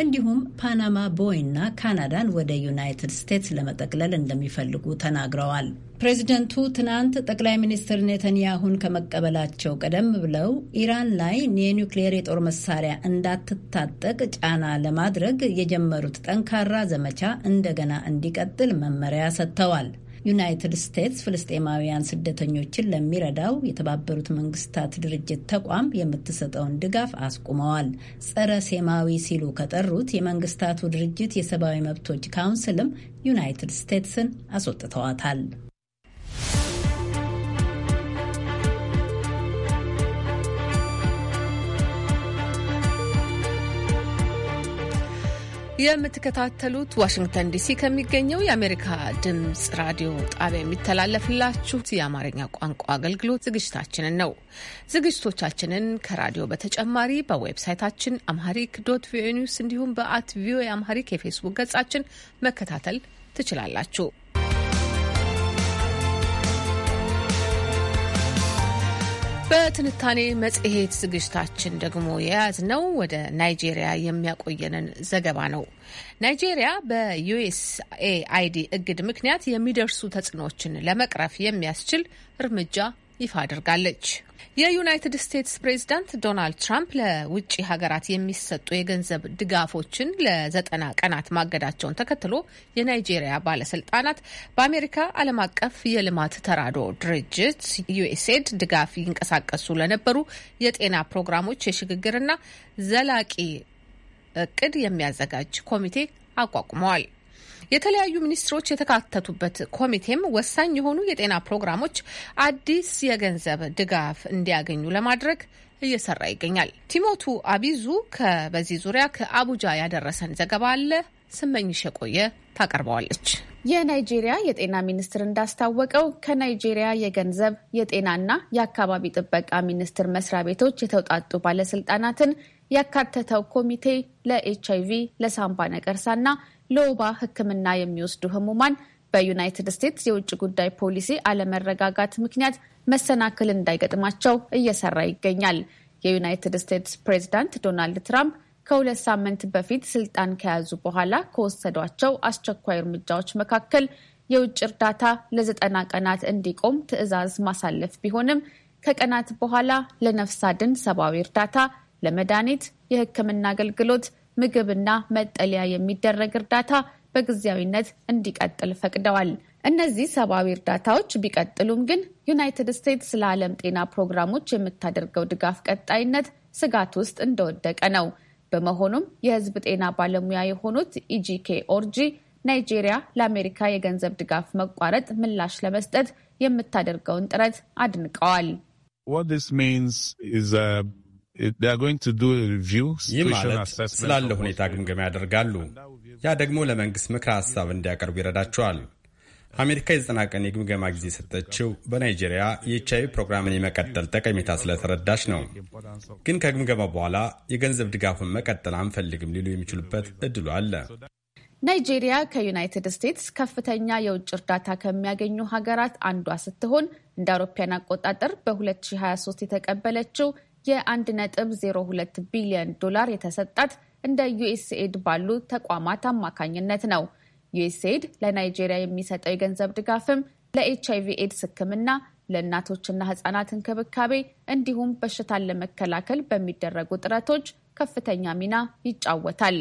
እንዲሁም ፓናማ ቦይና ካናዳን ወደ ዩናይትድ ስቴትስ ለመጠቅለል እንደሚፈልጉ ተናግረዋል። ፕሬዚደንቱ ትናንት ጠቅላይ ሚኒስትር ኔተንያሁን ከመቀበላቸው ቀደም ብለው ኢራን ላይ የኒውክሌር የጦር መሳሪያ እንዳትታጠ ለማስለቀቅ ጫና ለማድረግ የጀመሩት ጠንካራ ዘመቻ እንደገና እንዲቀጥል መመሪያ ሰጥተዋል። ዩናይትድ ስቴትስ ፍልስጤማውያን ስደተኞችን ለሚረዳው የተባበሩት መንግስታት ድርጅት ተቋም የምትሰጠውን ድጋፍ አስቁመዋል። ጸረ ሴማዊ ሲሉ ከጠሩት የመንግስታቱ ድርጅት የሰብአዊ መብቶች ካውንስልም ዩናይትድ ስቴትስን አስወጥተዋታል። የምትከታተሉት ዋሽንግተን ዲሲ ከሚገኘው የአሜሪካ ድምፅ ራዲዮ ጣቢያ የሚተላለፍላችሁ የአማርኛ ቋንቋ አገልግሎት ዝግጅታችንን ነው። ዝግጅቶቻችንን ከራዲዮ በተጨማሪ በዌብሳይታችን አምሃሪክ ዶት ቪኦኤ ኒውስ እንዲሁም በአት ቪኦኤ አምሃሪክ የፌስቡክ ገጻችን መከታተል ትችላላችሁ። በትንታኔ መጽሔት ዝግጅታችን ደግሞ የያዝነው ወደ ናይጄሪያ የሚያቆየንን ዘገባ ነው። ናይጄሪያ በዩኤስኤአይዲ እግድ ምክንያት የሚደርሱ ተጽዕኖዎችን ለመቅረፍ የሚያስችል እርምጃ ይፋ አድርጋለች። የዩናይትድ ስቴትስ ፕሬዝዳንት ዶናልድ ትራምፕ ለውጭ ሀገራት የሚሰጡ የገንዘብ ድጋፎችን ለዘጠና ቀናት ማገዳቸውን ተከትሎ የናይጄሪያ ባለስልጣናት በአሜሪካ ዓለም አቀፍ የልማት ተራድኦ ድርጅት ዩኤስኤድ ድጋፍ ይንቀሳቀሱ ለነበሩ የጤና ፕሮግራሞች የሽግግርና ዘላቂ እቅድ የሚያዘጋጅ ኮሚቴ አቋቁመዋል። የተለያዩ ሚኒስትሮች የተካተቱበት ኮሚቴም ወሳኝ የሆኑ የጤና ፕሮግራሞች አዲስ የገንዘብ ድጋፍ እንዲያገኙ ለማድረግ እየሰራ ይገኛል። ቲሞቱ አቢዙ በዚህ ዙሪያ ከአቡጃ ያደረሰን ዘገባ አለ። ስመኝሽ የቆየ ታቀርበዋለች። የናይጄሪያ የጤና ሚኒስቴር እንዳስታወቀው ከናይጄሪያ የገንዘብ የጤናና የአካባቢ ጥበቃ ሚኒስቴር መስሪያ ቤቶች የተውጣጡ ባለስልጣናትን ያካተተው ኮሚቴ ለኤች አይቪ ለሳምባ ነቀርሳና ለወባ ሕክምና የሚወስዱ ህሙማን በዩናይትድ ስቴትስ የውጭ ጉዳይ ፖሊሲ አለመረጋጋት ምክንያት መሰናክል እንዳይገጥማቸው እየሰራ ይገኛል። የዩናይትድ ስቴትስ ፕሬዚዳንት ዶናልድ ትራምፕ ከሁለት ሳምንት በፊት ስልጣን ከያዙ በኋላ ከወሰዷቸው አስቸኳይ እርምጃዎች መካከል የውጭ እርዳታ ለዘጠና ቀናት እንዲቆም ትዕዛዝ ማሳለፍ ቢሆንም ከቀናት በኋላ ለነፍስ አድን ሰብአዊ እርዳታ ለመድኃኒት፣ የሕክምና አገልግሎት፣ ምግብና መጠለያ የሚደረግ እርዳታ በጊዜያዊነት እንዲቀጥል ፈቅደዋል። እነዚህ ሰብአዊ እርዳታዎች ቢቀጥሉም ግን ዩናይትድ ስቴትስ ለዓለም ጤና ፕሮግራሞች የምታደርገው ድጋፍ ቀጣይነት ስጋት ውስጥ እንደወደቀ ነው። በመሆኑም የህዝብ ጤና ባለሙያ የሆኑት ኢጂኬ ኦርጂ ናይጄሪያ ለአሜሪካ የገንዘብ ድጋፍ መቋረጥ ምላሽ ለመስጠት የምታደርገውን ጥረት አድንቀዋል። What this means is uh, ይህ ማለት ስላለ ሁኔታ ግምገማ ያደርጋሉ። ያ ደግሞ ለመንግስት ምክረ ሐሳብ እንዲያቀርቡ ይረዳቸዋል። አሜሪካ የዘጠና ቀን የግምገማ ጊዜ የሰጠችው በናይጄሪያ የኤች አይቪ ፕሮግራምን የመቀጠል ጠቀሜታ ስለተረዳች ነው። ግን ከግምገማ በኋላ የገንዘብ ድጋፉን መቀጠል አንፈልግም ሊሉ የሚችሉበት እድሉ አለ። ናይጄሪያ ከዩናይትድ ስቴትስ ከፍተኛ የውጭ እርዳታ ከሚያገኙ ሀገራት አንዷ ስትሆን እንደ አውሮፓውያን አቆጣጠር በ2023 የተቀበለችው የ1.02 ቢሊዮን ዶላር የተሰጣት እንደ ዩኤስኤድ ባሉ ተቋማት አማካኝነት ነው። ዩኤስኤድ ለናይጄሪያ የሚሰጠው የገንዘብ ድጋፍም ለኤች አይቪ ኤድስ ሕክምና፣ ለእናቶችና ህጻናት እንክብካቤ እንዲሁም በሽታን ለመከላከል በሚደረጉ ጥረቶች ከፍተኛ ሚና ይጫወታል።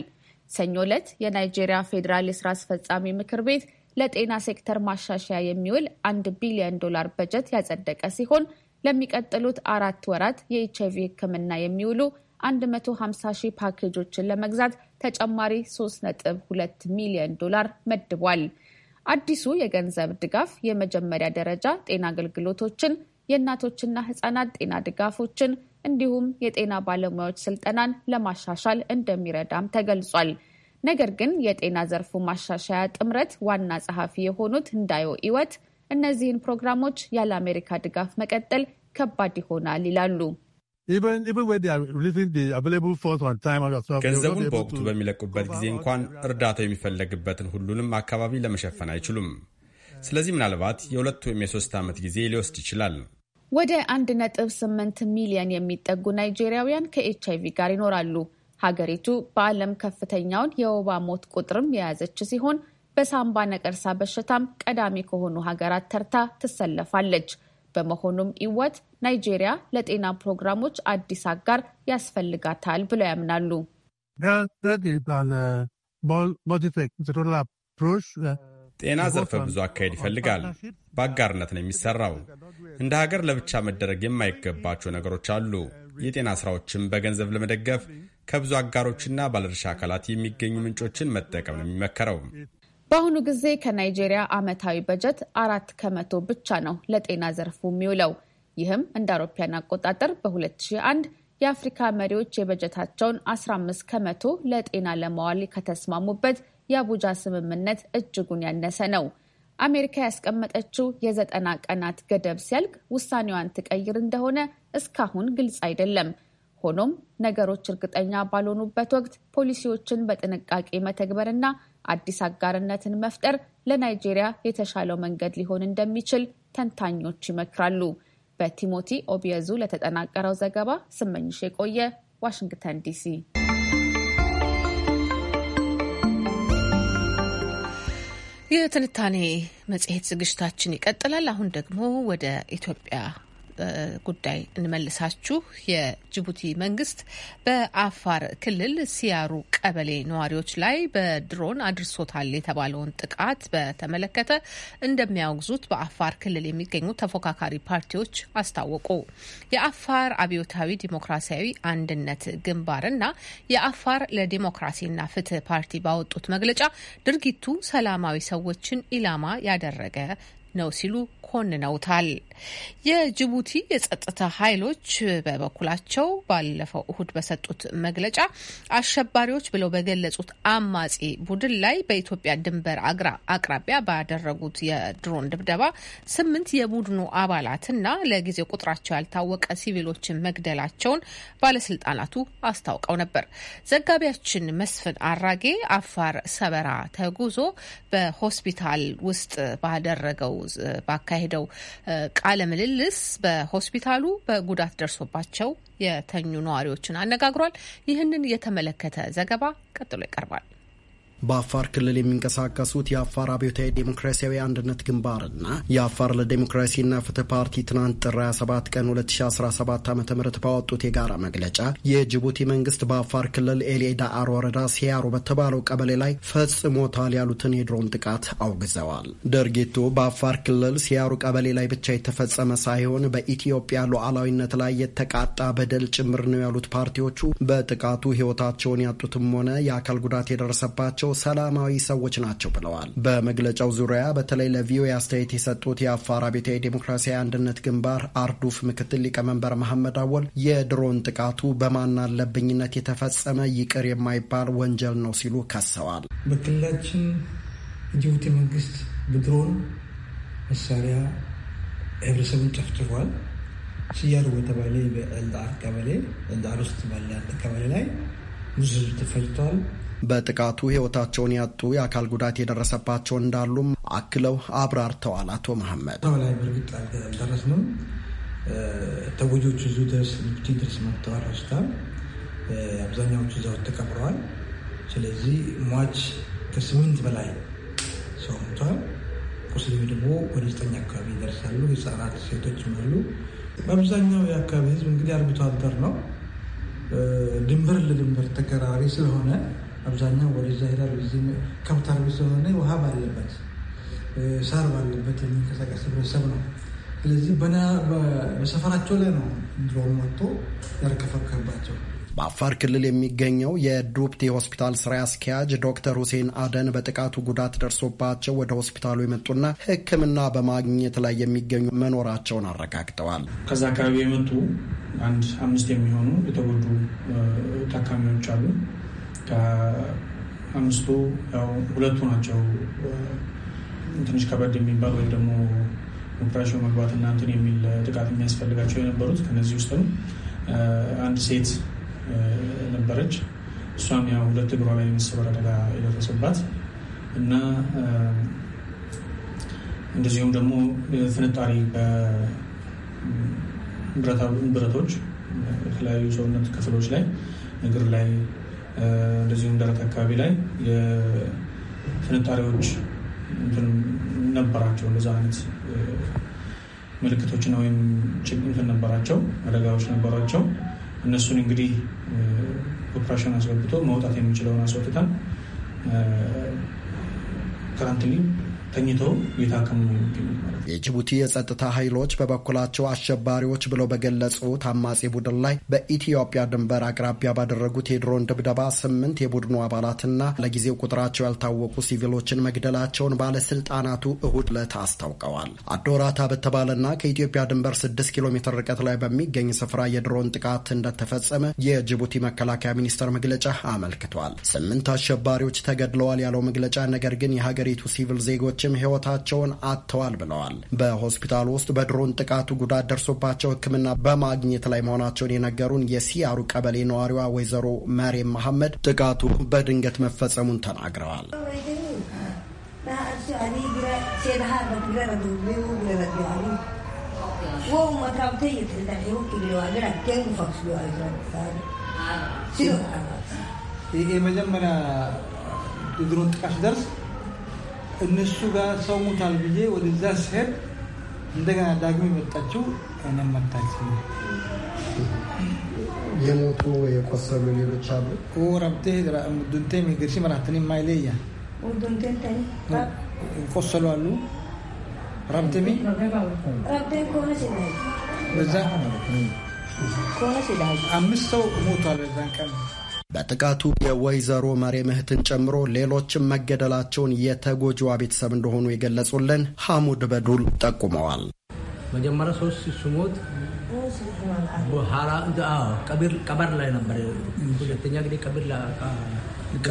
ሰኞ ዕለት የናይጄሪያ ፌዴራል የስራ አስፈጻሚ ምክር ቤት ለጤና ሴክተር ማሻሻያ የሚውል አንድ ቢሊዮን ዶላር በጀት ያጸደቀ ሲሆን ለሚቀጥሉት አራት ወራት የኤች አይቪ ሕክምና የሚውሉ 150 ሺህ ፓኬጆችን ለመግዛት ተጨማሪ 3.2 ሚሊዮን ዶላር መድቧል። አዲሱ የገንዘብ ድጋፍ የመጀመሪያ ደረጃ ጤና አገልግሎቶችን፣ የእናቶችና ህጻናት ጤና ድጋፎችን እንዲሁም የጤና ባለሙያዎች ስልጠናን ለማሻሻል እንደሚረዳም ተገልጿል። ነገር ግን የጤና ዘርፉ ማሻሻያ ጥምረት ዋና ጸሐፊ የሆኑት እንዳየው ኢወት እነዚህን ፕሮግራሞች ያለ አሜሪካ ድጋፍ መቀጠል ከባድ ይሆናል ይላሉ። ገንዘቡን በወቅቱ በሚለቁበት ጊዜ እንኳን እርዳታ የሚፈለግበትን ሁሉንም አካባቢ ለመሸፈን አይችሉም። ስለዚህ ምናልባት የሁለት ወይም የሶስት ዓመት ጊዜ ሊወስድ ይችላል። ወደ 1.8 ሚሊዮን የሚጠጉ ናይጄሪያውያን ከኤች አይቪ ጋር ይኖራሉ። ሀገሪቱ በዓለም ከፍተኛውን የወባ ሞት ቁጥርም የያዘች ሲሆን በሳምባ ነቀርሳ በሽታም ቀዳሚ ከሆኑ ሀገራት ተርታ ትሰለፋለች። በመሆኑም ኢወት ናይጄሪያ ለጤና ፕሮግራሞች አዲስ አጋር ያስፈልጋታል ብለው ያምናሉ። ጤና ዘርፈ ብዙ አካሄድ ይፈልጋል። በአጋርነት ነው የሚሰራው። እንደ ሀገር ለብቻ መደረግ የማይገባቸው ነገሮች አሉ። የጤና ስራዎችን በገንዘብ ለመደገፍ ከብዙ አጋሮችና ባለድርሻ አካላት የሚገኙ ምንጮችን መጠቀም ነው የሚመከረው። በአሁኑ ጊዜ ከናይጄሪያ ዓመታዊ በጀት አራት ከመቶ ብቻ ነው ለጤና ዘርፉ የሚውለው። ይህም እንደ አውሮፓያን አቆጣጠር በ2001 የአፍሪካ መሪዎች የበጀታቸውን 15 ከመቶ ለጤና ለማዋል ከተስማሙበት የአቡጃ ስምምነት እጅጉን ያነሰ ነው። አሜሪካ ያስቀመጠችው የዘጠና ቀናት ገደብ ሲያልቅ ውሳኔዋን ትቀይር እንደሆነ እስካሁን ግልጽ አይደለም። ሆኖም ነገሮች እርግጠኛ ባልሆኑበት ወቅት ፖሊሲዎችን በጥንቃቄ መተግበርና አዲስ አጋርነትን መፍጠር ለናይጄሪያ የተሻለው መንገድ ሊሆን እንደሚችል ተንታኞች ይመክራሉ። በቲሞቲ ኦቢየዙ ለተጠናቀረው ዘገባ ስመኝሽ የቆየ ዋሽንግተን ዲሲ። የትንታኔ መጽሔት ዝግጅታችን ይቀጥላል። አሁን ደግሞ ወደ ኢትዮጵያ ጉዳይ እንመልሳችሁ። የጅቡቲ መንግስት በአፋር ክልል ሲያሩ ቀበሌ ነዋሪዎች ላይ በድሮን አድርሶታል የተባለውን ጥቃት በተመለከተ እንደሚያወግዙት በአፋር ክልል የሚገኙ ተፎካካሪ ፓርቲዎች አስታወቁ። የአፋር አብዮታዊ ዲሞክራሲያዊ አንድነት ግንባርና የአፋር ለዲሞክራሲና ፍትህ ፓርቲ ባወጡት መግለጫ ድርጊቱ ሰላማዊ ሰዎችን ኢላማ ያደረገ ነው ሲሉ ኮንነውታል። የጅቡቲ የጸጥታ ኃይሎች በበኩላቸው ባለፈው እሁድ በሰጡት መግለጫ አሸባሪዎች ብለው በገለጹት አማጺ ቡድን ላይ በኢትዮጵያ ድንበር አቅራቢያ ባደረጉት የድሮን ድብደባ ስምንት የቡድኑ አባላትና ለጊዜው ቁጥራቸው ያልታወቀ ሲቪሎችን መግደላቸውን ባለስልጣናቱ አስታውቀው ነበር። ዘጋቢያችን መስፍን አራጌ አፋር ሰበራ ተጉዞ በሆስፒታል ውስጥ ባደረገው ባካሄደው ቃለ ምልልስ በሆስፒታሉ በጉዳት ደርሶባቸው የተኙ ነዋሪዎችን አነጋግሯል። ይህንን የተመለከተ ዘገባ ቀጥሎ ይቀርባል። በአፋር ክልል የሚንቀሳቀሱት የአፋር አብዮታዊ ዴሞክራሲያዊ አንድነት ግንባርና የአፋር ለዴሞክራሲና ፍትህ ፓርቲ ትናንት ጥር 27 ቀን 2017 ዓ ም ባወጡት የጋራ መግለጫ የጅቡቲ መንግስት በአፋር ክልል አር ወረዳ ሲያሮ በተባለው ቀበሌ ላይ ፈጽሞታል ያሉትን የድሮን ጥቃት አውግዘዋል። ድርጊቱ በአፋር ክልል ሲያሩ ቀበሌ ላይ ብቻ የተፈጸመ ሳይሆን በኢትዮጵያ ሉዓላዊነት ላይ የተቃጣ በደል ጭምር ነው ያሉት ፓርቲዎቹ በጥቃቱ ህይወታቸውን ያጡትም ሆነ የአካል ጉዳት የደረሰባቸው ያላቸው ሰላማዊ ሰዎች ናቸው ብለዋል። በመግለጫው ዙሪያ በተለይ ለቪኦኤ አስተያየት የሰጡት የአፋር አብዮታዊ ዴሞክራሲያዊ አንድነት ግንባር አርዱፍ ምክትል ሊቀመንበር መሐመድ አወል የድሮን ጥቃቱ በማን አለብኝነት የተፈጸመ ይቅር የማይባል ወንጀል ነው ሲሉ ከሰዋል። በክልላችን የጅቡቲ መንግስት በድሮን መሳሪያ ህብረተሰቡን ጨፍጭፏል። ሽያሩ በተባለ በኤልዳር ቀበሌ ኤልዳር ውስጥ ባለ አንድ ቀበሌ ላይ ብዙ ህዝብ ተፈጅቷል። በጥቃቱ ህይወታቸውን ያጡ የአካል ጉዳት የደረሰባቸው እንዳሉም አክለው አብራርተዋል። አቶ መሐመድ ላይ በእርግጥ አልደረስንም። ተጎጆቹ እዚሁ ድረስ ጅቡቲ ድረስ መጥተዋል ሆስፒታል። አብዛኛዎቹ እዛው ተቀብረዋል። ስለዚህ ሟች ከስምንት በላይ ሰው ሞቷል። ቁስለኞች ደግሞ ወደ ዘጠኝ አካባቢ ይደርሳሉ። ህጻናት፣ ሴቶች አሉ። በአብዛኛው የአካባቢ ህዝብ እንግዲህ አርብቶ አደር ነው። ድንበር ለድንበር ተከራሪ ስለሆነ አብዛኛው ወደዛ ሄዳል። ከብት አርቢ ስለሆነ ውሃ ባለበት ሳር ባለበት የሚንቀሳቀስ ህብረተሰብ ነው። ስለዚህ በሰፈራቸው ላይ ነው ድሮን መጥቶ ያርከፈከባቸው። በአፋር ክልል የሚገኘው የዱብቲ ሆስፒታል ስራ አስኪያጅ ዶክተር ሁሴን አደን በጥቃቱ ጉዳት ደርሶባቸው ወደ ሆስፒታሉ የመጡና ሕክምና በማግኘት ላይ የሚገኙ መኖራቸውን አረጋግጠዋል። ከዛ አካባቢ የመጡ አንድ አምስት የሚሆኑ የተጎዱ ታካሚዎች አሉ። ከአምስቱ ያው ሁለቱ ናቸው ትንሽ ከበድ የሚባል ወይም ደግሞ ኦፕሬሽን መግባት እና እንትን የሚል ጥቃት የሚያስፈልጋቸው የነበሩት። ከነዚህ ውስጥም አንድ ሴት ነበረች። እሷም ያው ሁለት እግሯ ላይ የመሰበር አደጋ የደረሰባት እና እንደዚሁም ደግሞ ፍንጣሪ ብረቶች የተለያዩ ሰውነት ክፍሎች ላይ እግር ላይ እንደዚሁም ዳት አካባቢ ላይ የፍንጣሪዎች ነበራቸው። እንደዛ አይነት ምልክቶችና ወይም ችግር ነበራቸው፣ አደጋዎች ነበራቸው። እነሱን እንግዲህ ኦፕሬሽን አስገብቶ መውጣት የሚችለውን አስወጥተን ከረንትሊም ተኝተው የታከሙ የሚገኙት ማለት ነው። የጅቡቲ የጸጥታ ኃይሎች በበኩላቸው አሸባሪዎች ብለው በገለጹት አማጺ ቡድን ላይ በኢትዮጵያ ድንበር አቅራቢያ ባደረጉት የድሮን ድብደባ ስምንት የቡድኑ አባላትና ለጊዜው ቁጥራቸው ያልታወቁ ሲቪሎችን መግደላቸውን ባለስልጣናቱ እሁድ ዕለት አስታውቀዋል። አዶራታ በተባለና ከኢትዮጵያ ድንበር ስድስት ኪሎ ሜትር ርቀት ላይ በሚገኝ ስፍራ የድሮን ጥቃት እንደተፈጸመ የጅቡቲ መከላከያ ሚኒስቴር መግለጫ አመልክቷል። ስምንት አሸባሪዎች ተገድለዋል ያለው መግለጫ ነገር ግን የሀገሪቱ ሲቪል ዜጎች ሰዎችም ህይወታቸውን አጥተዋል ብለዋል። በሆስፒታል ውስጥ በድሮን ጥቃቱ ጉዳት ደርሶባቸው ሕክምና በማግኘት ላይ መሆናቸውን የነገሩን የሲያሩ ቀበሌ ነዋሪዋ ወይዘሮ መሬም መሐመድ ጥቃቱ በድንገት መፈጸሙን ተናግረዋል። የመጀመሪያ የድሮን ጥቃት ደርስ እነሱ ጋር ሰው ሙታል ብዬ ወደዛ ስሄድ እንደገና ዳግም የመጣችው እኔን መታች። የሞቱ የቆሰሉ ሌሎች አሉ። ረብቴ ዱንቴ ሚግርሲ መራትን የማይለያ ቆሰሉ አሉ። ረብቴ ሚ አምስት ሰው ሞቷል በዛን ቀን በጥቃቱ የወይዘሮ መሬም እህትን ጨምሮ ሌሎችም መገደላቸውን የተጎጂዋ ቤተሰብ እንደሆኑ የገለጹልን ሐሙድ በዱል ጠቁመዋል። መጀመሪያ ሶስት ስሞት ቀበር ላይ ነበር። ሁለተኛ ጊዜ ቀበር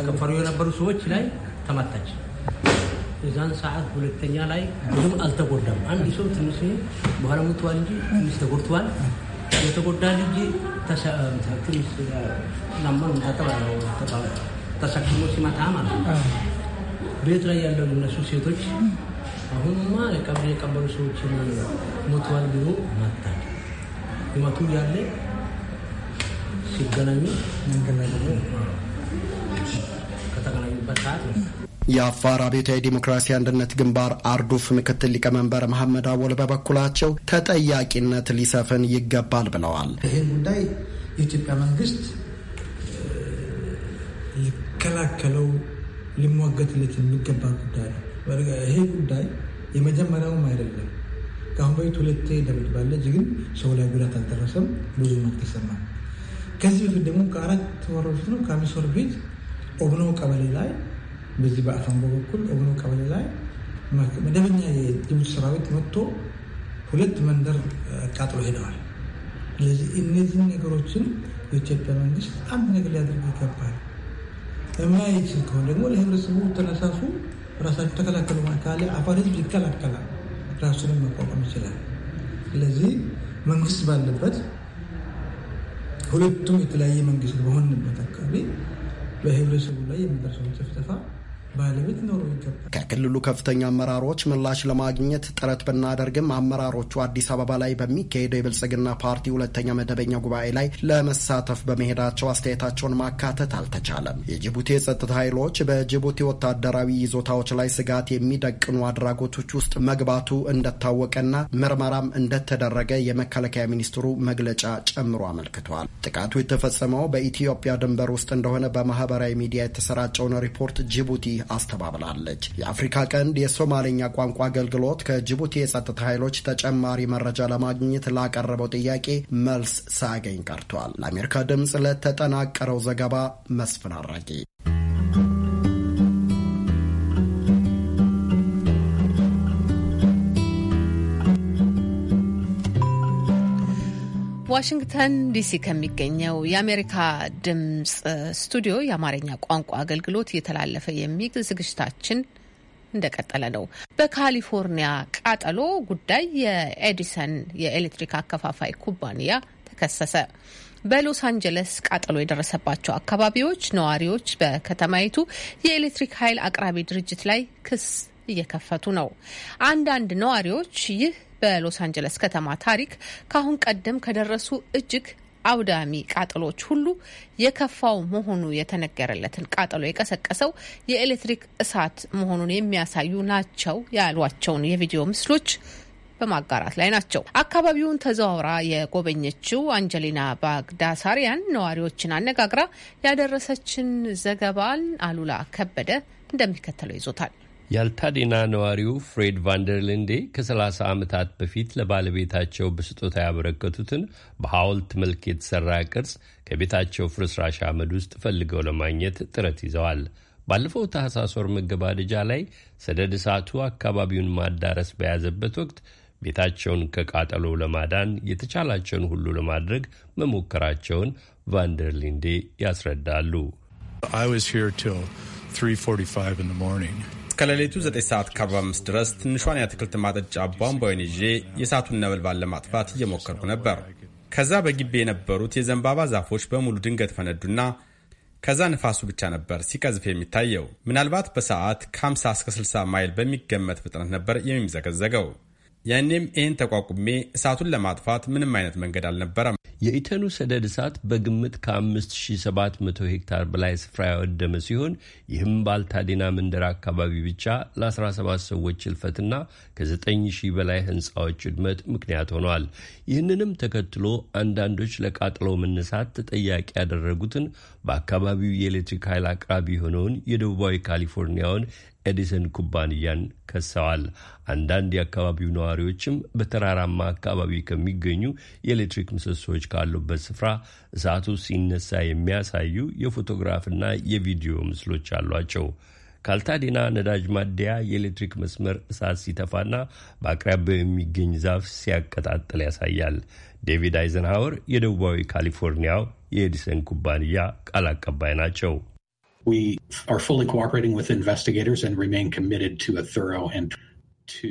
ከፈሩ የነበሩ ሰዎች ላይ ተመታች። እዛን ሰዓት ሁለተኛ ላይ ብዙም አልተጎዳም። አንድ ሰው ትንሽ በኋላ ሙተዋል እንጂ ትንሽ ተጎድተዋል። የተጎዳ ልጅ ትንሽ ላምበር ምታጠባለው ተሰክሞ ሲመታ ማለት ነው። ቤት ላይ ያለው እነሱ ሴቶች አሁንማ የቀብር የቀበሩ ሰዎች ሞተዋል ብሎ መታ ይመቱ ያለ ሲገናኙ ከተገናኙበት ሰዓት ነው የአፋር አብዮታዊ ዲሞክራሲ አንድነት ግንባር አርዱፍ ምክትል ሊቀመንበር መሐመድ አወል በበኩላቸው ተጠያቂነት ሊሰፍን ይገባል ብለዋል። ይህን ጉዳይ የኢትዮጵያ መንግስት ሊከላከለው ሊሟገትለት የሚገባ ጉዳይ ነው። ይሄ ጉዳይ የመጀመሪያውም አይደለም። ከአሁን በፊት ደብድ ባለች ግን ሰው ላይ ጉዳት አልደረሰም። ብዙ ማትሰማ ከዚህ በፊት ደግሞ ከአራት ወር በፊት ነው ከአምስት ወር በፊት ኦብኖ ቀበሌ ላይ በዚህ በአፋንጎ በኩል እብኑ ቀበሌ ላይ መደበኛ የጅቡቲ ሰራዊት መጥቶ ሁለት መንደር አቃጥሎ ሄደዋል። ስለዚህ እነዚህን ነገሮችን የኢትዮጵያ መንግስት አንድ ነገር ሊያደርግ ይገባል። የማይችል ከሆነ ደግሞ ለህብረተሰቡ ተነሳሱ፣ ራሳቸው ተከላከሉ ካለ አፋር ህዝብ ይከላከላል፣ ራሱንም መቋቋም ይችላል። ስለዚህ መንግስት ባለበት ሁለቱም የተለያየ መንግስት በሆንበት አካባቢ በህብረተሰቡ ላይ የሚደርሰውን ጭፍጨፋ ባለቤት ኖሮ ይገባል። ከክልሉ ከፍተኛ አመራሮች ምላሽ ለማግኘት ጥረት ብናደርግም አመራሮቹ አዲስ አበባ ላይ በሚካሄደው የብልጽግና ፓርቲ ሁለተኛ መደበኛ ጉባኤ ላይ ለመሳተፍ በመሄዳቸው አስተያየታቸውን ማካተት አልተቻለም። የጅቡቲ የጸጥታ ኃይሎች በጅቡቲ ወታደራዊ ይዞታዎች ላይ ስጋት የሚደቅኑ አድራጎቶች ውስጥ መግባቱ እንደታወቀና ምርመራም እንደተደረገ የመከላከያ ሚኒስትሩ መግለጫ ጨምሮ አመልክቷል። ጥቃቱ የተፈጸመው በኢትዮጵያ ድንበር ውስጥ እንደሆነ በማህበራዊ ሚዲያ የተሰራጨውን ሪፖርት ጅቡቲ አስተባብላለች። የአፍሪካ ቀንድ የሶማሌኛ ቋንቋ አገልግሎት ከጅቡቲ የጸጥታ ኃይሎች ተጨማሪ መረጃ ለማግኘት ላቀረበው ጥያቄ መልስ ሳያገኝ ቀርቷል። ለአሜሪካ ድምፅ ለተጠናቀረው ዘገባ መስፍን አራጌ ዋሽንግተን ዲሲ ከሚገኘው የአሜሪካ ድምፅ ስቱዲዮ የአማርኛ ቋንቋ አገልግሎት እየተላለፈ የሚግ ዝግጅታችን እንደቀጠለ ነው። በካሊፎርኒያ ቃጠሎ ጉዳይ የኤዲሰን የኤሌክትሪክ አከፋፋይ ኩባንያ ተከሰሰ። በሎስ አንጀለስ ቃጠሎ የደረሰባቸው አካባቢዎች ነዋሪዎች በከተማይቱ የኤሌክትሪክ ኃይል አቅራቢ ድርጅት ላይ ክስ እየከፈቱ ነው። አንዳንድ ነዋሪዎች ይህ በሎስ አንጀለስ ከተማ ታሪክ ከአሁን ቀደም ከደረሱ እጅግ አውዳሚ ቃጠሎች ሁሉ የከፋው መሆኑ የተነገረለትን ቃጠሎ የቀሰቀሰው የኤሌክትሪክ እሳት መሆኑን የሚያሳዩ ናቸው ያሏቸውን የቪዲዮ ምስሎች በማጋራት ላይ ናቸው። አካባቢውን ተዘዋውራ የጎበኘችው አንጀሊና ባግዳሳሪያን ነዋሪዎችን አነጋግራ ያደረሰችን ዘገባን አሉላ ከበደ እንደሚከተለው ይዞታል። የአልታዴና ነዋሪው ፍሬድ ቫንደርሊንዴ ከ30 ዓመታት በፊት ለባለቤታቸው በስጦታ ያበረከቱትን በሐውልት መልክ የተሠራ ቅርጽ ከቤታቸው ፍርስራሽ አመድ ውስጥ ፈልገው ለማግኘት ጥረት ይዘዋል። ባለፈው ታህሳስ ወር መገባደጃ ላይ ሰደድ እሳቱ አካባቢውን ማዳረስ በያዘበት ወቅት ቤታቸውን ከቃጠሎ ለማዳን የተቻላቸውን ሁሉ ለማድረግ መሞከራቸውን ቫንደርሊንዴ ያስረዳሉ። 3:45 in the morning. ከሌሊቱ 9 ሰዓት ከ45 ድረስ ትንሿን የአትክልት ማጠጫ ቧንቧዬን ይዤ የእሳቱን ነበልባል ለማጥፋት እየሞከርኩ ነበር። ከዛ በግቤ የነበሩት የዘንባባ ዛፎች በሙሉ ድንገት ፈነዱና ከዛ ንፋሱ ብቻ ነበር ሲቀዝፍ የሚታየው። ምናልባት በሰዓት ከ50 እስከ 60 ማይል በሚገመት ፍጥነት ነበር የሚዘገዘገው። ያኔም ይህን ተቋቁሜ እሳቱን ለማጥፋት ምንም አይነት መንገድ አልነበረም። የኢተሉ ሰደድ እሳት በግምት ከ5700 ሄክታር በላይ ስፍራ ያወደመ ሲሆን ይህም ባልታዴና መንደር አካባቢ ብቻ ለ17 ሰዎች እልፈትና ከ9000 በላይ ህንፃዎች ውድመት ምክንያት ሆኗል። ይህንንም ተከትሎ አንዳንዶች ለቃጥሎ መነሳት ተጠያቂ ያደረጉትን በአካባቢው የኤሌክትሪክ ኃይል አቅራቢ የሆነውን የደቡባዊ ካሊፎርኒያውን ኤዲሰን ኩባንያን ከሰዋል። አንዳንድ የአካባቢው ነዋሪዎችም በተራራማ አካባቢ ከሚገኙ የኤሌክትሪክ ምሰሶዎች ካሉበት ስፍራ እሳቱ ሲነሳ የሚያሳዩ የፎቶግራፍና የቪዲዮ ምስሎች አሏቸው። ካልታዲና ነዳጅ ማደያ የኤሌክትሪክ መስመር እሳት ሲተፋና በአቅራቢያው የሚገኝ ዛፍ ሲያቀጣጥል ያሳያል። ዴቪድ አይዘንሃወር የደቡባዊ ካሊፎርኒያው የኤዲሰን ኩባንያ ቃል አቀባይ ናቸው። We are fully cooperating with investigators and remain committed to a thorough and to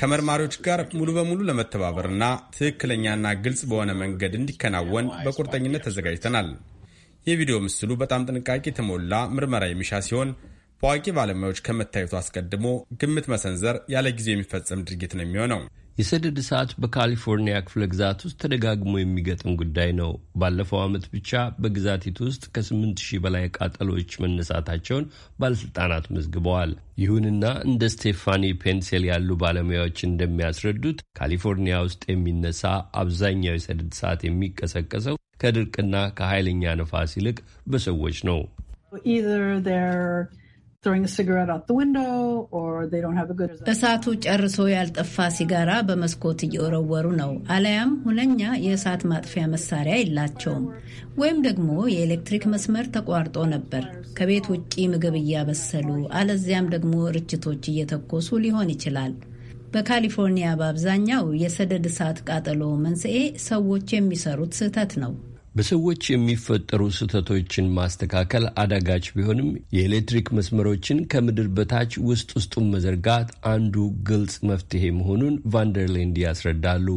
ከመርማሪዎች ጋር ሙሉ በሙሉ ለመተባበርና ትክክለኛና ግልጽ በሆነ መንገድ እንዲከናወን በቁርጠኝነት ተዘጋጅተናል። የቪዲዮ ምስሉ በጣም ጥንቃቄ የተሞላ ምርመራ የሚሻ ሲሆን በአዋቂ ባለሙያዎች ከመታየቱ አስቀድሞ ግምት መሰንዘር ያለ ጊዜ የሚፈጸም ድርጊት ነው የሚሆነው። የሰደድ እሳት በካሊፎርኒያ ክፍለ ግዛት ውስጥ ተደጋግሞ የሚገጥም ጉዳይ ነው። ባለፈው ዓመት ብቻ በግዛቲቱ ውስጥ ከ8 ሺህ በላይ ቃጠሎች መነሳታቸውን ባለሥልጣናት መዝግበዋል። ይሁንና እንደ ስቴፋኒ ፔንሴል ያሉ ባለሙያዎች እንደሚያስረዱት ካሊፎርኒያ ውስጥ የሚነሳ አብዛኛው የሰደድ እሳት የሚቀሰቀሰው ከድርቅና ከኃይለኛ ነፋስ ይልቅ በሰዎች ነው። እሳቱ ጨርሶ ያልጠፋ ሲጋራ በመስኮት እየወረወሩ ነው። አለያም ሁነኛ የእሳት ማጥፊያ መሳሪያ የላቸውም። ወይም ደግሞ የኤሌክትሪክ መስመር ተቋርጦ ነበር። ከቤት ውጪ ምግብ እያበሰሉ አለዚያም ደግሞ ርችቶች እየተኮሱ ሊሆን ይችላል። በካሊፎርኒያ በአብዛኛው የሰደድ እሳት ቃጠሎ መንስኤ ሰዎች የሚሰሩት ስህተት ነው። በሰዎች የሚፈጠሩ ስህተቶችን ማስተካከል አዳጋች ቢሆንም የኤሌክትሪክ መስመሮችን ከምድር በታች ውስጥ ውስጡን መዘርጋት አንዱ ግልጽ መፍትሄ መሆኑን ቫንደርሌንድ ያስረዳሉ።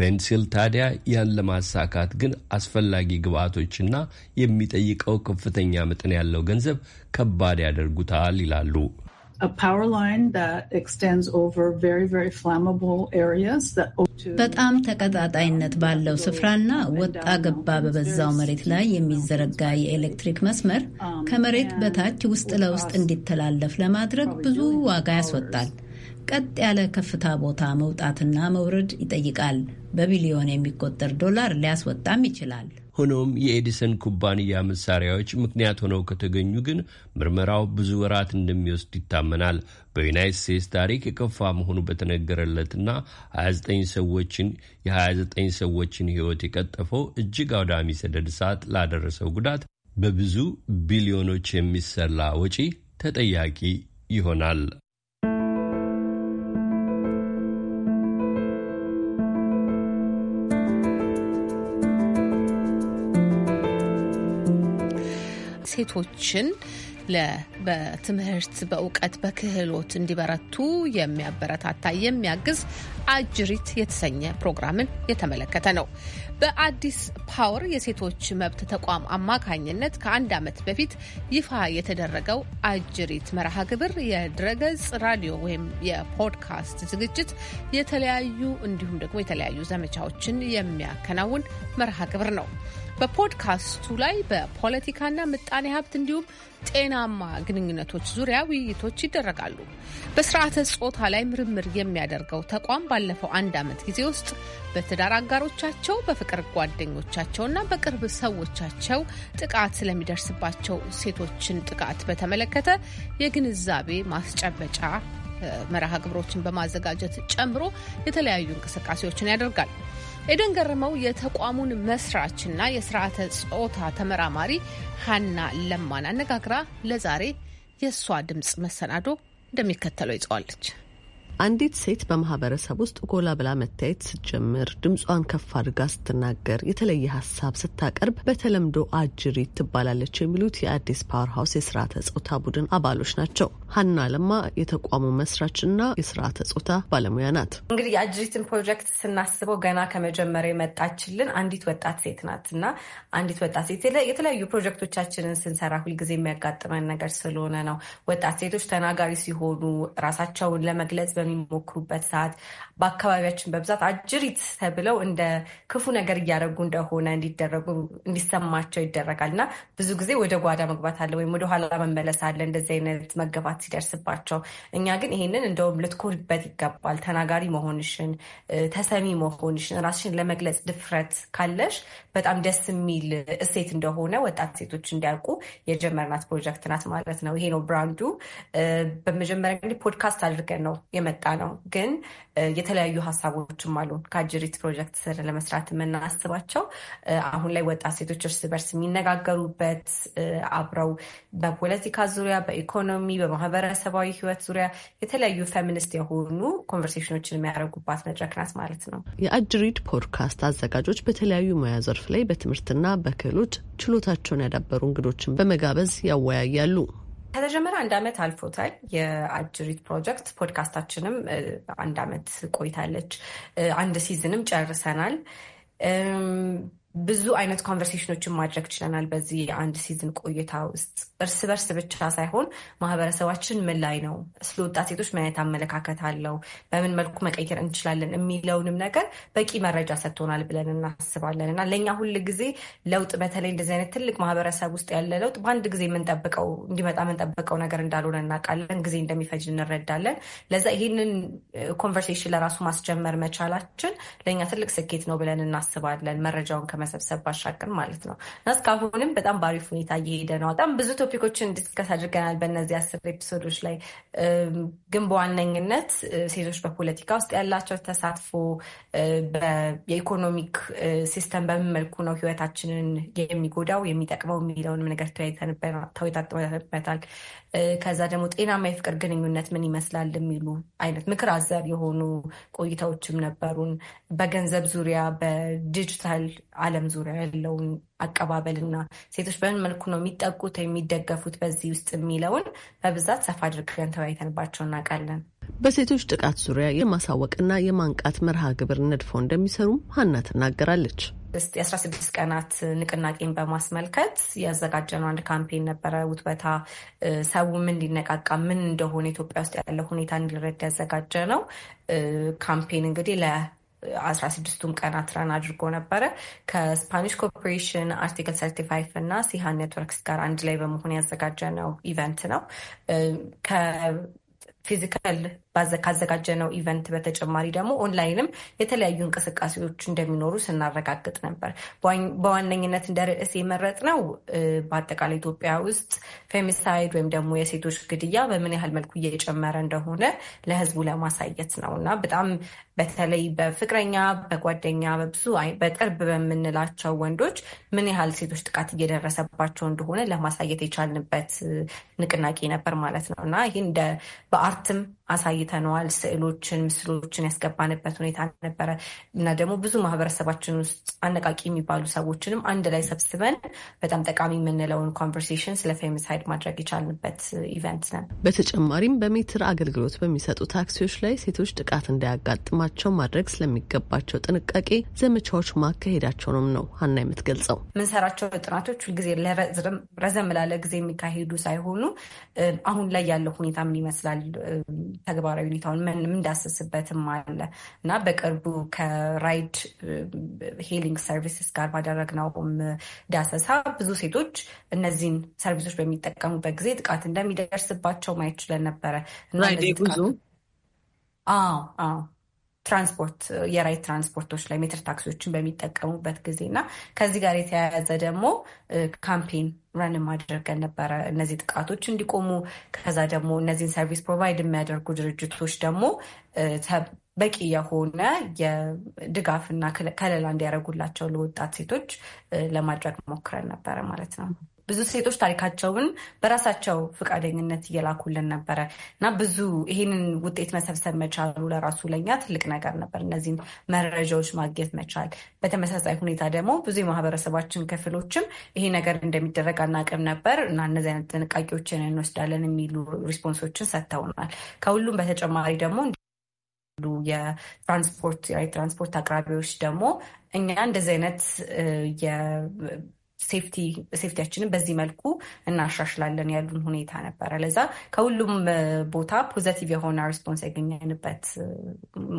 ፔንሲል ታዲያ ያን ለማሳካት ግን አስፈላጊ ግብአቶችና የሚጠይቀው ከፍተኛ መጠን ያለው ገንዘብ ከባድ ያደርጉታል ይላሉ። በጣም ተቀጣጣይነት ባለው ስፍራና ወጣ ገባ በበዛው መሬት ላይ የሚዘረጋ የኤሌክትሪክ መስመር ከመሬት በታች ውስጥ ለውስጥ እንዲተላለፍ ለማድረግ ብዙ ዋጋ ያስወጣል። ቀጥ ያለ ከፍታ ቦታ መውጣትና መውረድ ይጠይቃል። በቢሊዮን የሚቆጠር ዶላር ሊያስወጣም ይችላል። ሆኖም የኤዲሰን ኩባንያ መሳሪያዎች ምክንያት ሆነው ከተገኙ ግን ምርመራው ብዙ ወራት እንደሚወስድ ይታመናል። በዩናይት ስቴትስ ታሪክ የከፋ መሆኑ በተነገረለትና 29 ሰዎችን የ29 ሰዎችን ሕይወት የቀጠፈው እጅግ አውዳሚ ሰደድ እሳት ላደረሰው ጉዳት በብዙ ቢሊዮኖች የሚሰላ ወጪ ተጠያቂ ይሆናል። ሴቶችን በትምህርት፣ በእውቀት፣ በክህሎት እንዲበረቱ የሚያበረታታ የሚያግዝ አጅሪት የተሰኘ ፕሮግራምን የተመለከተ ነው። በአዲስ ፓወር የሴቶች መብት ተቋም አማካኝነት ከአንድ ዓመት በፊት ይፋ የተደረገው አጅሪት መርሃ ግብር የድረገጽ ራዲዮ ወይም የፖድካስት ዝግጅት የተለያዩ እንዲሁም ደግሞ የተለያዩ ዘመቻዎችን የሚያከናውን መርሃ ግብር ነው። በፖድካስቱ ላይ በፖለቲካና ምጣኔ ሀብት እንዲሁም ጤናማ ግንኙነቶች ዙሪያ ውይይቶች ይደረጋሉ። በስርዓተ ጾታ ላይ ምርምር የሚያደርገው ተቋም ባለፈው አንድ ዓመት ጊዜ ውስጥ በትዳር አጋሮቻቸው፣ በፍቅር ጓደኞቻቸውና በቅርብ ሰዎቻቸው ጥቃት ስለሚደርስባቸው ሴቶችን ጥቃት በተመለከተ የግንዛቤ ማስጨበጫ መርሃ ግብሮችን በማዘጋጀት ጨምሮ የተለያዩ እንቅስቃሴዎችን ያደርጋል። ኤደን ገርመው የተቋሙን መስራችና የስርዓተ ጾታ ተመራማሪ ሀና ለማን አነጋግራ ለዛሬ የእሷ ድምፅ መሰናዶ እንደሚከተለው ይጸዋለች። አንዲት ሴት በማህበረሰብ ውስጥ ጎላ ብላ መታየት ስትጀምር፣ ድምጿን ከፍ አድርጋ ስትናገር፣ የተለየ ሀሳብ ስታቀርብ በተለምዶ አጅሪት ትባላለች የሚሉት የአዲስ ፓወር ሀውስ የስርዓተ ጾታ ቡድን አባሎች ናቸው። ሀና ለማ የተቋሙ መስራችና የስርዓተ ጾታ ባለሙያ ናት። እንግዲህ የአጅሪትን ፕሮጀክት ስናስበው ገና ከመጀመሪያ የመጣችልን አንዲት ወጣት ሴት ናት እና አንዲት ወጣት ሴት የተለያዩ ፕሮጀክቶቻችንን ስንሰራ ሁልጊዜ የሚያጋጥመን ነገር ስለሆነ ነው። ወጣት ሴቶች ተናጋሪ ሲሆኑ ራሳቸውን ለመግለጽ በሚሞክሩበት ሰዓት በአካባቢያችን በብዛት አጅሪት ተብለው እንደ ክፉ ነገር እያደረጉ እንደሆነ እንዲደረጉ እንዲሰማቸው ይደረጋል እና ብዙ ጊዜ ወደ ጓዳ መግባት አለ ወይም ወደ ኋላ መመለስ አለ እንደዚህ አይነት መገፋት ሲደርስባቸው። እኛ ግን ይሄንን እንደውም ልትኮሪበት ይገባል። ተናጋሪ መሆንሽን፣ ተሰሚ መሆንሽን፣ ራስሽን ለመግለጽ ድፍረት ካለሽ በጣም ደስ የሚል እሴት እንደሆነ ወጣት ሴቶች እንዲያውቁ የጀመርናት ፕሮጀክት ናት ማለት ነው። ይሄ ነው ብራንዱ። በመጀመሪያ እንግዲህ ፖድካስት አድርገን ነው የመ የመጣ ነው። ግን የተለያዩ ሀሳቦችም አሉ። ከአጅሪት ፕሮጀክት ስር ለመስራት የምናስባቸው አሁን ላይ ወጣት ሴቶች እርስ በርስ የሚነጋገሩበት አብረው በፖለቲካ ዙሪያ፣ በኢኮኖሚ፣ በማህበረሰባዊ ህይወት ዙሪያ የተለያዩ ፌሚኒስት የሆኑ ኮንቨርሴሽኖችን የሚያደርጉባት መድረክ ናት ማለት ነው። የአጅሪት ፖድካስት አዘጋጆች በተለያዩ ሙያ ዘርፍ ላይ በትምህርትና በክህሎት ችሎታቸውን ያዳበሩ እንግዶችን በመጋበዝ ያወያያሉ። ከተጀመረ አንድ ዓመት አልፎታል። የአጅሪት ፕሮጀክት ፖድካስታችንም አንድ ዓመት ቆይታለች። አንድ ሲዝንም ጨርሰናል። ብዙ አይነት ኮንቨርሴሽኖችን ማድረግ ችለናል። በዚህ የአንድ ሲዝን ቆይታ ውስጥ እርስ በርስ ብቻ ሳይሆን ማህበረሰባችን ምን ላይ ነው፣ ስለ ወጣት ሴቶች ምን አይነት አመለካከት አለው፣ በምን መልኩ መቀየር እንችላለን የሚለውንም ነገር በቂ መረጃ ሰጥቶናል ብለን እናስባለን እና ለእኛ ሁል ጊዜ ለውጥ በተለይ እንደዚህ አይነት ትልቅ ማህበረሰብ ውስጥ ያለ ለውጥ በአንድ ጊዜ የምንጠብቀው እንዲመጣ የምንጠብቀው ነገር እንዳልሆነ እናውቃለን። ጊዜ እንደሚፈጅ እንረዳለን። ለዛ ይህንን ኮንቨርሴሽን ለራሱ ማስጀመር መቻላችን ለእኛ ትልቅ ስኬት ነው ብለን እናስባለን መረጃውን ከመሰብሰብ ባሻገር ማለት ነው እና እስካሁንም በጣም በአሪፍ ሁኔታ እየሄደ ነው። በጣም ብዙ ቶፒኮችን ዲስከስ አድርገናል በእነዚህ አስር ኤፒሶዶች ላይ ግን በዋነኝነት ሴቶች በፖለቲካ ውስጥ ያላቸው ተሳትፎ፣ የኢኮኖሚክ ሲስተም በምን መልኩ ነው ህይወታችንን የሚጎዳው የሚጠቅመው የሚለውንም ነገር ተወያይተንበታል። ከዛ ደግሞ ጤናማ የፍቅር ግንኙነት ምን ይመስላል የሚሉ አይነት ምክር አዘር የሆኑ ቆይታዎችም ነበሩን። በገንዘብ ዙሪያ በዲጂታል በዓለም ዙሪያ ያለውን አቀባበልና ሴቶች በምን መልኩ ነው የሚጠቁት የሚደገፉት በዚህ ውስጥ የሚለውን በብዛት ሰፋ አድርገን ተወያይተንባቸው እናውቃለን። በሴቶች ጥቃት ዙሪያ የማሳወቅና የማንቃት መርሃ ግብር ነድፎ እንደሚሰሩም ሀና ትናገራለች። የአስራ ስድስት ቀናት ንቅናቄን በማስመልከት ያዘጋጀነው አንድ ካምፔን ነበረ። ውትበታ ሰው ምን እንዲነቃቃ ምን እንደሆነ ኢትዮጵያ ውስጥ ያለው ሁኔታ እንዲረዳ ያዘጋጀ ነው ካምፔን እንግዲህ አስራ ስድስቱም ቀናት ረን አድርጎ ነበረ። ከስፓኒሽ ኮርፖሬሽን አርቲክል ሰርቲ ፋይቭ እና ሲሃ ኔትወርክስ ጋር አንድ ላይ በመሆን ነው ኢቨንት ነው። ከፊዚካል ነው ኢቨንት በተጨማሪ ደግሞ ኦንላይንም የተለያዩ እንቅስቃሴዎች እንደሚኖሩ ስናረጋግጥ ነበር። በዋነኝነት እንደ ርዕስ የመረጥ ነው። በአጠቃላይ ኢትዮጵያ ውስጥ ፌሚሳይድ ወይም ደግሞ የሴቶች ግድያ በምን ያህል መልኩ እየጨመረ እንደሆነ ለህዝቡ ለማሳየት ነው እና በጣም በተለይ በፍቅረኛ፣ በጓደኛ፣ በብዙ በቅርብ በምንላቸው ወንዶች ምን ያህል ሴቶች ጥቃት እየደረሰባቸው እንደሆነ ለማሳየት የቻልንበት ንቅናቄ ነበር ማለት ነው እና ይህ እንደ በአርትም አሳይተነዋል። ስዕሎችን፣ ምስሎችን ያስገባንበት ሁኔታ ነበረ እና ደግሞ ብዙ ማህበረሰባችን ውስጥ አነቃቂ የሚባሉ ሰዎችንም አንድ ላይ ሰብስበን በጣም ጠቃሚ የምንለውን ኮንቨርሴሽን ስለ ፌሚሳይድ ማድረግ የቻልንበት ኢቨንት ነው። በተጨማሪም በሜትር አገልግሎት በሚሰጡ ታክሲዎች ላይ ሴቶች ጥቃት እንዳያጋጥማቸው ማድረግ ስለሚገባቸው ጥንቃቄ ዘመቻዎች ማካሄዳቸውንም ነው ሀና የምትገልጸው። ምንሰራቸው ጥናቶች ሁልጊዜ ረዘም ላለ ጊዜ የሚካሄዱ ሳይሆኑ አሁን ላይ ያለው ሁኔታ ምን ይመስላል ተግባራዊ ሁኔታውን እንዳስስበትም አለ እና በቅርቡ ከራይድ ሄሊንግ ሰርቪስስ ጋር ባደረግነውም ዳሰሳ ብዙ ሴቶች እነዚህን ሰርቪሶች በሚጠቀሙበት ጊዜ ጥቃት እንደሚደርስባቸው ማየት ችለን ነበረ። ትራንስፖርት የራይት ትራንስፖርቶች ላይ ሜትር ታክሲዎችን በሚጠቀሙበት ጊዜ እና ከዚህ ጋር የተያያዘ ደግሞ ካምፔን ረን ማድረገን ነበረ። እነዚህ ጥቃቶች እንዲቆሙ ከዛ ደግሞ እነዚህን ሰርቪስ ፕሮቫይድ የሚያደርጉ ድርጅቶች ደግሞ በቂ የሆነ የድጋፍና ከለላ እንዲያደርጉላቸው ለወጣት ሴቶች ለማድረግ ሞክረን ነበረ ማለት ነው። ብዙ ሴቶች ታሪካቸውን በራሳቸው ፈቃደኝነት እየላኩልን ነበረ እና ብዙ ይህንን ውጤት መሰብሰብ መቻሉ ለራሱ ለኛ ትልቅ ነገር ነበር። እነዚህን መረጃዎች ማግኘት መቻል። በተመሳሳይ ሁኔታ ደግሞ ብዙ የማህበረሰባችን ክፍሎችም ይሄ ነገር እንደሚደረግ አናቅም ነበር እና እነዚህ አይነት ጥንቃቄዎችን እንወስዳለን የሚሉ ሪስፖንሶችን ሰጥተውናል። ከሁሉም በተጨማሪ ደግሞ የትራንስፖርት አቅራቢዎች ደግሞ እኛ እንደዚህ አይነት ሴፍቲያችንን በዚህ መልኩ እናሻሽላለን ያሉን ሁኔታ ነበረ። ለዛ ከሁሉም ቦታ ፖዘቲቭ የሆነ ሪስፖንስ ያገኘንበት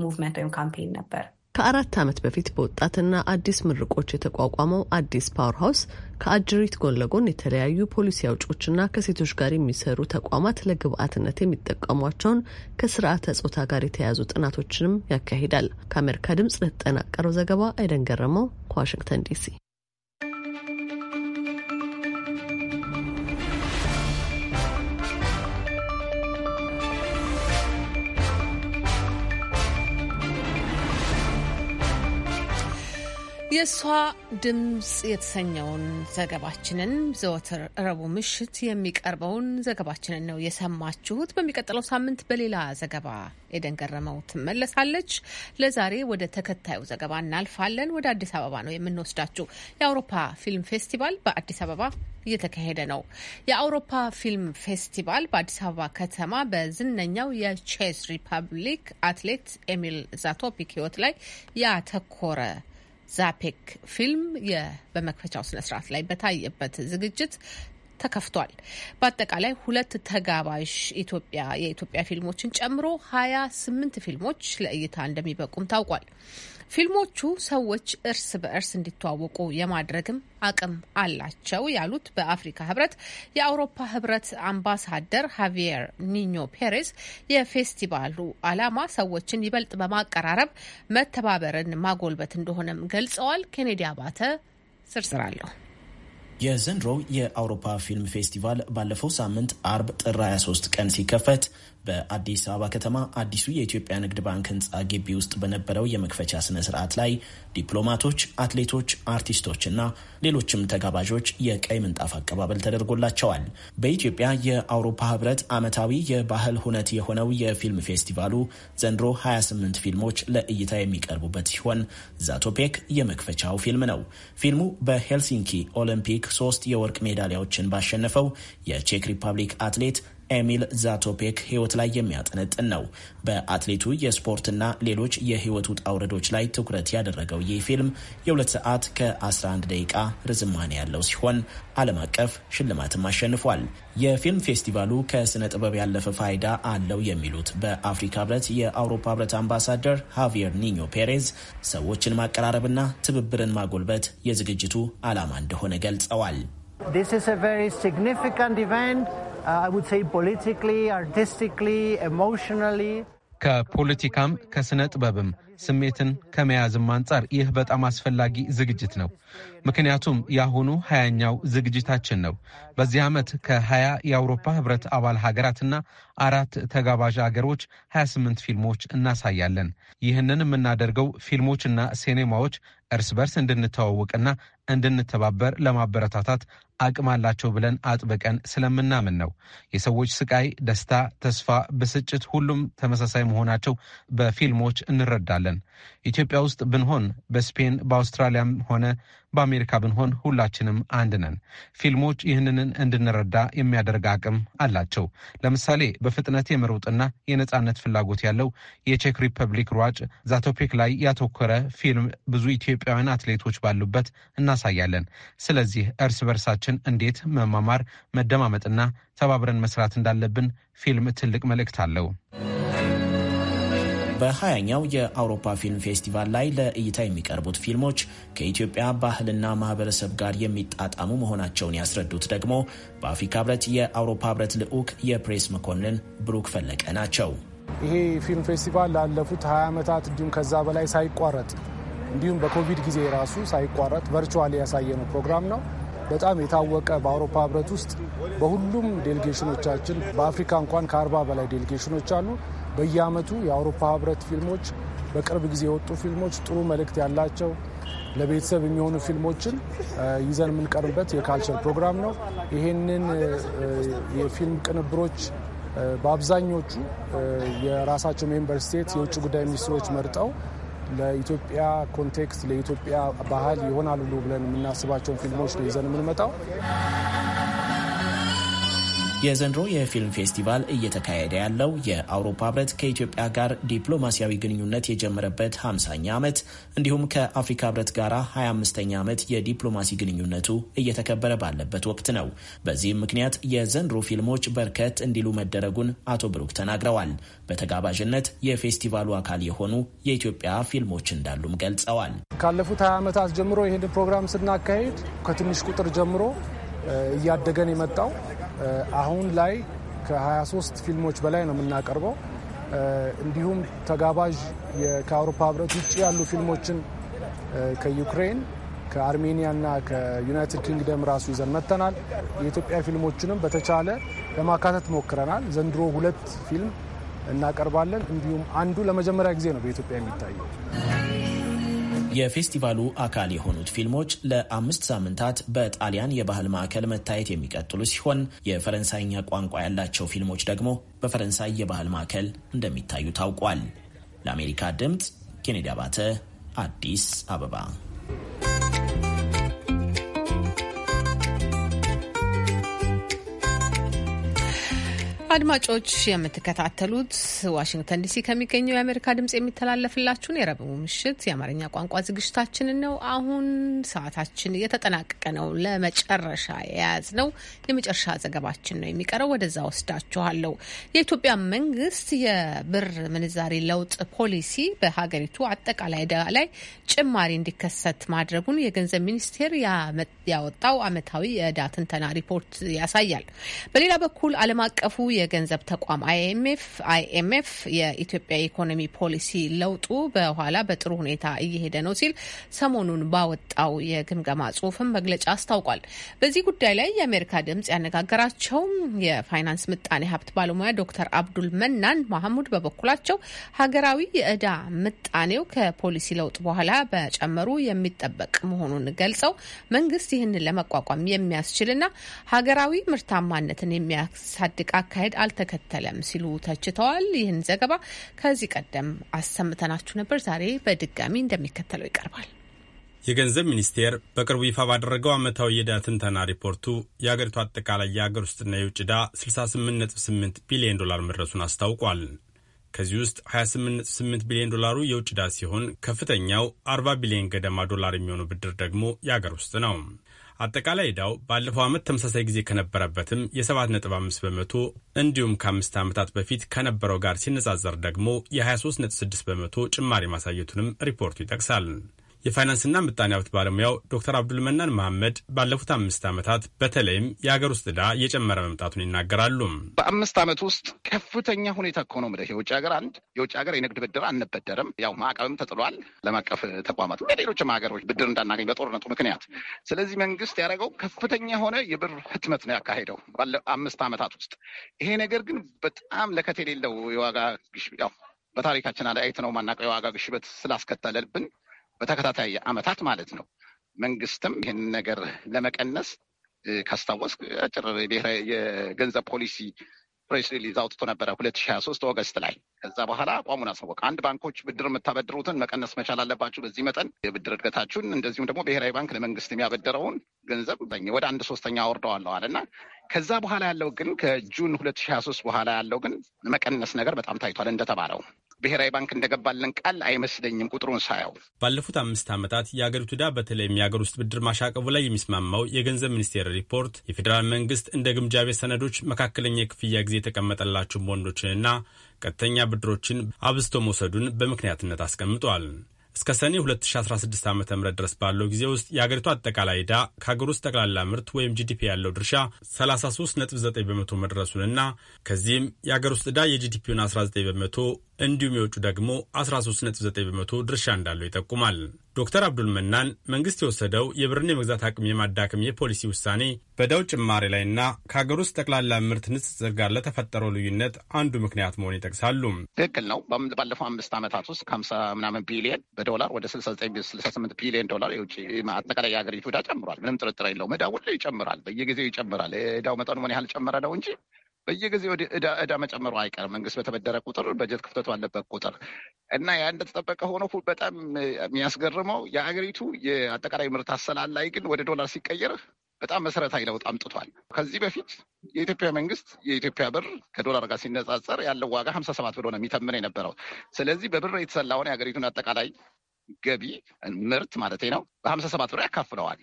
ሙቭመንት ወይም ካምፔን ነበር። ከአራት ዓመት በፊት በወጣትና አዲስ ምርቆች የተቋቋመው አዲስ ፓወር ሃውስ ከአጅሪት ጎን ለጎን የተለያዩ ፖሊሲ አውጮችና ከሴቶች ጋር የሚሰሩ ተቋማት ለግብአትነት የሚጠቀሟቸውን ከስርዓተ ጾታ ጋር የተያያዙ ጥናቶችንም ያካሂዳል። ከአሜሪካ ድምጽ ለተጠናቀረው ዘገባ አይደን ገረመው ከዋሽንግተን ዲሲ የእሷ ድምፅ የተሰኘውን ዘገባችንን ዘወትር ረቡዕ ምሽት የሚቀርበውን ዘገባችንን ነው የሰማችሁት። በሚቀጥለው ሳምንት በሌላ ዘገባ ኤደን ገረመው ትመለሳለች። ለዛሬ ወደ ተከታዩ ዘገባ እናልፋለን። ወደ አዲስ አበባ ነው የምንወስዳችሁ። የአውሮፓ ፊልም ፌስቲቫል በአዲስ አበባ እየተካሄደ ነው። የአውሮፓ ፊልም ፌስቲቫል በአዲስ አበባ ከተማ በዝነኛው የቼዝ ሪፐብሊክ አትሌት ኤሚል ዛቶፒክ ሕይወት ላይ ያተኮረ ዛፔክ ፊልም በመክፈቻው ስነስርዓት ላይ በታየበት ዝግጅት ተከፍቷል። በአጠቃላይ ሁለት ተጋባዥ ኢትዮጵያ የኢትዮጵያ ፊልሞችን ጨምሮ ሀያ ስምንት ፊልሞች ለእይታ እንደሚበቁም ታውቋል። ፊልሞቹ ሰዎች እርስ በእርስ እንዲተዋወቁ የማድረግም አቅም አላቸው ያሉት በአፍሪካ ህብረት የአውሮፓ ህብረት አምባሳደር ሃቪየር ኒኞ ፔሬዝ የፌስቲቫሉ ዓላማ ሰዎችን ይበልጥ በማቀራረብ መተባበርን ማጎልበት እንደሆነም ገልጸዋል። ኬኔዲ አባተ ስርስራለሁ። የዘንድሮው የአውሮፓ ፊልም ፌስቲቫል ባለፈው ሳምንት አርብ ጥር 23 ቀን ሲከፈት በአዲስ አበባ ከተማ አዲሱ የኢትዮጵያ ንግድ ባንክ ህንፃ ግቢ ውስጥ በነበረው የመክፈቻ ስነ ስርዓት ላይ ዲፕሎማቶች፣ አትሌቶች፣ አርቲስቶች እና ሌሎችም ተጋባዦች የቀይ ምንጣፍ አቀባበል ተደርጎላቸዋል። በኢትዮጵያ የአውሮፓ ህብረት ዓመታዊ የባህል ሁነት የሆነው የፊልም ፌስቲቫሉ ዘንድሮ 28 ፊልሞች ለእይታ የሚቀርቡበት ሲሆን ዛቶፔክ የመክፈቻው ፊልም ነው። ፊልሙ በሄልሲንኪ ኦሎምፒክ ሶስት የወርቅ ሜዳሊያዎችን ባሸነፈው የቼክ ሪፐብሊክ አትሌት ኤሚል ዛቶፔክ ሕይወት ላይ የሚያጠነጥን ነው። በአትሌቱ የስፖርትና ሌሎች የሕይወት ውጣ ውረዶች ላይ ትኩረት ያደረገው ይህ ፊልም የሁለት ሰዓት ከ11 ደቂቃ ርዝማኔ ያለው ሲሆን ዓለም አቀፍ ሽልማትም አሸንፏል። የፊልም ፌስቲቫሉ ከስነ ጥበብ ያለፈ ፋይዳ አለው የሚሉት በአፍሪካ ህብረት የአውሮፓ ህብረት አምባሳደር ሃቪየር ኒኞ ፔሬዝ ሰዎችን ማቀራረብና ትብብርን ማጎልበት የዝግጅቱ ዓላማ እንደሆነ ገልጸዋል። Uh, ከፖለቲካም ከስነ ጥበብም ስሜትን ከመያዝም አንጻር ይህ በጣም አስፈላጊ ዝግጅት ነው። ምክንያቱም የአሁኑ ሀያኛው ዝግጅታችን ነው። በዚህ ዓመት ከሀያ የአውሮፓ ህብረት አባል ሀገራትና አራት ተጋባዥ ሀገሮች 28 ፊልሞች እናሳያለን። ይህንን የምናደርገው ፊልሞችና ሲኔማዎች እርስ በርስ እንድንተዋወቅና እንድንተባበር ለማበረታታት አቅም አላቸው ብለን አጥብቀን ስለምናምን ነው። የሰዎች ስቃይ፣ ደስታ፣ ተስፋ፣ ብስጭት ሁሉም ተመሳሳይ መሆናቸው በፊልሞች እንረዳለን። ኢትዮጵያ ውስጥ ብንሆን በስፔን በአውስትራሊያም ሆነ በአሜሪካ ብንሆን ሁላችንም አንድ ነን። ፊልሞች ይህንንን እንድንረዳ የሚያደርግ አቅም አላቸው። ለምሳሌ በፍጥነት የመሮጥና የነጻነት ፍላጎት ያለው የቼክ ሪፐብሊክ ሯጭ ዛቶፒክ ላይ ያተኮረ ፊልም ብዙ ኢትዮጵያውያን አትሌቶች ባሉበት እናሳያለን። ስለዚህ እርስ በርሳችን እንዴት መማማር፣ መደማመጥና ተባብረን መስራት እንዳለብን ፊልም ትልቅ መልእክት አለው። በሀያኛው የአውሮፓ ፊልም ፌስቲቫል ላይ ለእይታ የሚቀርቡት ፊልሞች ከኢትዮጵያ ባህልና ማህበረሰብ ጋር የሚጣጣሙ መሆናቸውን ያስረዱት ደግሞ በአፍሪካ ህብረት የአውሮፓ ህብረት ልዑክ የፕሬስ መኮንን ብሩክ ፈለቀ ናቸው። ይሄ ፊልም ፌስቲቫል ላለፉት 20 ዓመታት እንዲሁም ከዛ በላይ ሳይቋረጥ እንዲሁም በኮቪድ ጊዜ ራሱ ሳይቋረጥ ቨርቹዋሊ ያሳየነው ፕሮግራም ነው። በጣም የታወቀ በአውሮፓ ህብረት ውስጥ በሁሉም ዴሌጌሽኖቻችን በአፍሪካ እንኳን ከአርባ በላይ ዴሌጌሽኖች አሉ። በየአመቱ የአውሮፓ ህብረት ፊልሞች፣ በቅርብ ጊዜ የወጡ ፊልሞች፣ ጥሩ መልእክት ያላቸው ለቤተሰብ የሚሆኑ ፊልሞችን ይዘን የምንቀርብበት የካልቸር ፕሮግራም ነው። ይህንን የፊልም ቅንብሮች በአብዛኞቹ የራሳቸው ሜምበር ስቴት የውጭ ጉዳይ ሚኒስትሮች መርጠው ለኢትዮጵያ ኮንቴክስት ለኢትዮጵያ ባህል ይሆናሉ ብለን የምናስባቸውን ፊልሞች ነው ይዘን የምንመጣው። የዘንድሮ የፊልም ፌስቲቫል እየተካሄደ ያለው የአውሮፓ ህብረት ከኢትዮጵያ ጋር ዲፕሎማሲያዊ ግንኙነት የጀመረበት 50ኛ ዓመት እንዲሁም ከአፍሪካ ህብረት ጋር 25ኛ ዓመት የዲፕሎማሲ ግንኙነቱ እየተከበረ ባለበት ወቅት ነው። በዚህም ምክንያት የዘንድሮ ፊልሞች በርከት እንዲሉ መደረጉን አቶ ብሩክ ተናግረዋል። በተጋባዥነት የፌስቲቫሉ አካል የሆኑ የኢትዮጵያ ፊልሞች እንዳሉም ገልጸዋል። ካለፉት 20 ዓመታት ጀምሮ ይህን ፕሮግራም ስናካሄድ ከትንሽ ቁጥር ጀምሮ እያደገን የመጣው አሁን ላይ ከ23 ፊልሞች በላይ ነው የምናቀርበው። እንዲሁም ተጋባዥ ከአውሮፓ ህብረት ውጭ ያሉ ፊልሞችን ከዩክሬን ከአርሜኒያና ከዩናይትድ ኪንግደም ራሱ ይዘን መጥተናል። የኢትዮጵያ ፊልሞችንም በተቻለ ለማካተት ሞክረናል። ዘንድሮ ሁለት ፊልም እናቀርባለን። እንዲሁም አንዱ ለመጀመሪያ ጊዜ ነው በኢትዮጵያ የሚታየው። የፌስቲቫሉ አካል የሆኑት ፊልሞች ለአምስት ሳምንታት በጣሊያን የባህል ማዕከል መታየት የሚቀጥሉ ሲሆን የፈረንሳይኛ ቋንቋ ያላቸው ፊልሞች ደግሞ በፈረንሳይ የባህል ማዕከል እንደሚታዩ ታውቋል። ለአሜሪካ ድምፅ ኬኔዲ አባተ አዲስ አበባ አድማጮች የምትከታተሉት ዋሽንግተን ዲሲ ከሚገኘው የአሜሪካ ድምጽ የሚተላለፍላችሁን የረቡዕ ምሽት የአማርኛ ቋንቋ ዝግጅታችንን ነው። አሁን ሰዓታችን እየተጠናቀቀ ነው። ለመጨረሻ የያዝ ነው የመጨረሻ ዘገባችን ነው የሚቀረው። ወደዛ ወስዳችኋለሁ። የኢትዮጵያ መንግስት የብር ምንዛሬ ለውጥ ፖሊሲ በሀገሪቱ አጠቃላይ ዕዳ ላይ ጭማሪ እንዲከሰት ማድረጉን የገንዘብ ሚኒስቴር ያወጣው አመታዊ የዕዳ ትንተና ሪፖርት ያሳያል። በሌላ በኩል አለም አቀፉ የገንዘብ ተቋም አይኤምኤፍ አይኤምኤፍ የኢትዮጵያ ኢኮኖሚ ፖሊሲ ለውጡ በኋላ በጥሩ ሁኔታ እየሄደ ነው ሲል ሰሞኑን ባወጣው የግምገማ ጽሁፍም መግለጫ አስታውቋል። በዚህ ጉዳይ ላይ የአሜሪካ ድምጽ ያነጋገራቸው የፋይናንስ ምጣኔ ሀብት ባለሙያ ዶክተር አብዱል መናን ማህሙድ በበኩላቸው ሀገራዊ የእዳ ምጣኔው ከፖሊሲ ለውጥ በኋላ በጨመሩ የሚጠበቅ መሆኑን ገልጸው መንግስት ይህንን ለመቋቋም የሚያስችልና ሀገራዊ ምርታማነትን የሚያሳድግ አካሄድ አልተከተለም ሲሉ ተችተዋል። ይህን ዘገባ ከዚህ ቀደም አሰምተናችሁ ነበር። ዛሬ በድጋሚ እንደሚከተለው ይቀርባል። የገንዘብ ሚኒስቴር በቅርቡ ይፋ ባደረገው ዓመታዊ የዕዳ ትንተና ሪፖርቱ የአገሪቱ አጠቃላይ የአገር ውስጥና የውጭ ዕዳ 68.8 ቢሊዮን ዶላር መድረሱን አስታውቋል። ከዚህ ውስጥ 28.8 ቢሊዮን ዶላሩ የውጭ ዕዳ ሲሆን ከፍተኛው 40 ቢሊዮን ገደማ ዶላር የሚሆኑ ብድር ደግሞ የአገር ውስጥ ነው። አጠቃላይ ዕዳው ባለፈው ዓመት ተመሳሳይ ጊዜ ከነበረበትም የ7.5 በመቶ እንዲሁም ከአምስት ዓመታት በፊት ከነበረው ጋር ሲነጻጸር ደግሞ የ23.6 በመቶ ጭማሪ ማሳየቱንም ሪፖርቱ ይጠቅሳል። የፋይናንስና ምጣኔ ሀብት ባለሙያው ዶክተር አብዱልመናን መሐመድ ባለፉት አምስት ዓመታት በተለይም የሀገር ውስጥ ዕዳ እየጨመረ መምጣቱን ይናገራሉ። በአምስት ዓመት ውስጥ ከፍተኛ ሁኔታ እኮ ነው የውጭ ሀገር አንድ የውጭ ሀገር የንግድ ብድር አንበደርም። ያው ማዕቀብም ተጥሏል ዓለም አቀፍ ተቋማት ሌሎችም ሀገሮች ብድር እንዳናገኝ በጦርነቱ ምክንያት። ስለዚህ መንግስት ያደረገው ከፍተኛ የሆነ የብር ህትመት ነው ያካሄደው ባለ አምስት ዓመታት ውስጥ። ይሄ ነገር ግን በጣም ለከት የሌለው የዋጋ ያው በታሪካችን አለ አይት ነው ማናውቀው የዋጋ ግሽበት ስላስከተለብን በተከታታይ ዓመታት ማለት ነው። መንግስትም ይህን ነገር ለመቀነስ ካስታወስ አጭር ብሔራዊ የገንዘብ ፖሊሲ ፕሬስ ሪሊዝ አውጥቶ ነበረ ሁለት ሺ ሀያ ሶስት ኦገስት ላይ። ከዛ በኋላ አቋሙን አሳወቀ። አንድ ባንኮች ብድር የምታበድሩትን መቀነስ መቻል አለባችሁ በዚህ መጠን የብድር እድገታችሁን፣ እንደዚሁም ደግሞ ብሔራዊ ባንክ ለመንግስት የሚያበድረውን ገንዘብ ወደ አንድ ሶስተኛ አወርደዋለሁ አለ እና ከዛ በኋላ ያለው ግን ከጁን 2023 በኋላ ያለው ግን መቀነስ ነገር በጣም ታይቷል እንደተባለው ብሔራዊ ባንክ እንደገባለን ቃል አይመስለኝም ቁጥሩን ሳየው። ባለፉት አምስት ዓመታት የአገሪቱ ዕዳ በተለይም የአገር ውስጥ ብድር ማሻቀቡ ላይ የሚስማማው የገንዘብ ሚኒስቴር ሪፖርት የፌዴራል መንግስት እንደ ግምጃ ቤት ሰነዶች መካከለኛ የክፍያ ጊዜ የተቀመጠላቸው ቦንዶችንና ቀጥተኛ ብድሮችን አብዝቶ መውሰዱን በምክንያትነት አስቀምጧል። እስከ ሰኔ 2016 ዓ ም ድረስ ባለው ጊዜ ውስጥ የአገሪቱ አጠቃላይ ዕዳ ከሀገር ውስጥ ጠቅላላ ምርት ወይም ጂዲፒ ያለው ድርሻ 33.9 በመቶ መድረሱንና ከዚህም የአገር ውስጥ ዕዳ የጂዲፒውን 19 በመቶ እንዲሁም የውጭ ደግሞ 13.9 በመቶ ድርሻ እንዳለው ይጠቁማል። ዶክተር አብዱል መናን መንግስት የወሰደው የብርን የመግዛት አቅም የማዳከም የፖሊሲ ውሳኔ በዳው ጭማሪ ላይና ከሀገር ውስጥ ጠቅላላ ምርት ንጽጽር ጋር ለተፈጠረው ልዩነት አንዱ ምክንያት መሆን ይጠቅሳሉ። ትክክል ነው። ባለፈው አምስት ዓመታት ውስጥ ከሀምሳ ምናምን ቢሊየን በዶላር ወደ 68 ቢሊየን ዶላር የውጭ አጠቃላይ የሀገሪቱ ዕዳ ጨምሯል። ምንም ጥርጥር የለውም። ዕዳ ሁሉ ይጨምራል፣ በየጊዜው ይጨምራል። ዕዳው መጠኑ ምን ያህል ጨመረ ነው እንጂ በየጊዜው እዳ መጨመሩ አይቀርም። መንግስት በተበደረ ቁጥር በጀት ክፍተቱ አለበት ቁጥር እና ያ እንደተጠበቀ ሆኖ በጣም የሚያስገርመው የሀገሪቱ የአጠቃላይ ምርት አሰላል ላይ ግን ወደ ዶላር ሲቀየር በጣም መሰረታዊ ለውጥ አምጥቷል። ከዚህ በፊት የኢትዮጵያ መንግስት የኢትዮጵያ ብር ከዶላር ጋር ሲነጻጸር ያለው ዋጋ ሀምሳ ሰባት ብሎ ነው የሚተምን የነበረው። ስለዚህ በብር የተሰላውን የሀገሪቱን አጠቃላይ ገቢ ምርት ማለት ነው በሀምሳ ሰባት ብር ያካፍለዋል።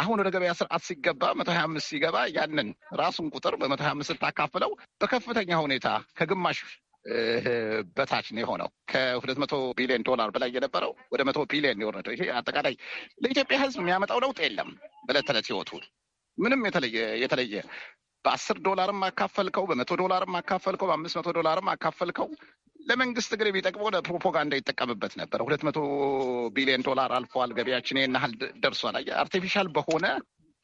አሁን ወደ ገበያ ስርዓት ሲገባ መቶ ሀያ አምስት ሲገባ ያንን ራሱን ቁጥር በመቶ ሀያ አምስት ስታካፍለው በከፍተኛ ሁኔታ ከግማሽ በታች ነው የሆነው። ከሁለት መቶ ቢሊዮን ዶላር በላይ የነበረው ወደ መቶ ቢሊዮን የወረደው ይሄ አጠቃላይ ለኢትዮጵያ ሕዝብ የሚያመጣው ለውጥ የለም። በዕለት ተዕለት ህይወቱ ምንም የተለየ የተለየ በአስር ዶላርም አካፈልከው፣ በመቶ ዶላርም አካፈልከው፣ በአምስት መቶ ዶላርም አካፈልከው ለመንግስት ግን የሚጠቅመው ለፕሮፓጋንዳ ይጠቀምበት ነበር። ሁለት መቶ ቢሊዮን ዶላር አልፏል፣ ገቢያችን ይህን ያህል ደርሷል። አርቲፊሻል በሆነ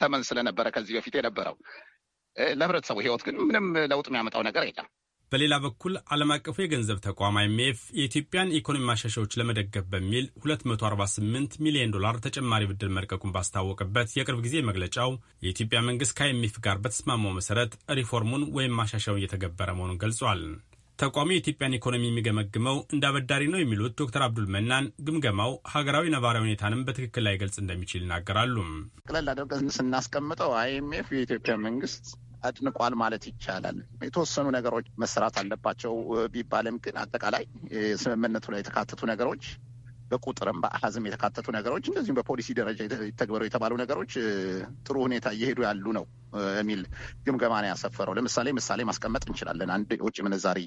ተመን ስለነበረ ከዚህ በፊት የነበረው ለህብረተሰቡ ህይወት ግን ምንም ለውጥ የሚያመጣው ነገር የለም። በሌላ በኩል ዓለም አቀፉ የገንዘብ ተቋም አይምኤፍ የኢትዮጵያን ኢኮኖሚ ማሻሻዎች ለመደገፍ በሚል 248 ሚሊዮን ዶላር ተጨማሪ ብድር መልቀቁን ባስታወቅበት የቅርብ ጊዜ መግለጫው የኢትዮጵያ መንግስት ከአይምኤፍ ጋር በተስማማው መሰረት ሪፎርሙን ወይም ማሻሻውን እየተገበረ መሆኑን ገልጿል። ተቋሙ የኢትዮጵያን ኢኮኖሚ የሚገመግመው እንደ አበዳሪ ነው የሚሉት ዶክተር አብዱል መናን ግምገማው ሀገራዊ ነባራዊ ሁኔታንም በትክክል ላይገልጽ እንደሚችል ይናገራሉ። ቅለል አድርገን ስናስቀምጠው አይኤምኤፍ የኢትዮጵያ መንግስት አድንቋል ማለት ይቻላል። የተወሰኑ ነገሮች መሰራት አለባቸው ቢባልም ግን አጠቃላይ ስምምነቱ ላይ የተካተቱ ነገሮች በቁጥርም በአሀዝም የተካተቱ ነገሮች እንደዚሁም በፖሊሲ ደረጃ ተግበረው የተባሉ ነገሮች ጥሩ ሁኔታ እየሄዱ ያሉ ነው የሚል ግምገማ ነው ያሰፈረው። ለምሳሌ ምሳሌ ማስቀመጥ እንችላለን። አንድ የውጭ ምንዛሪ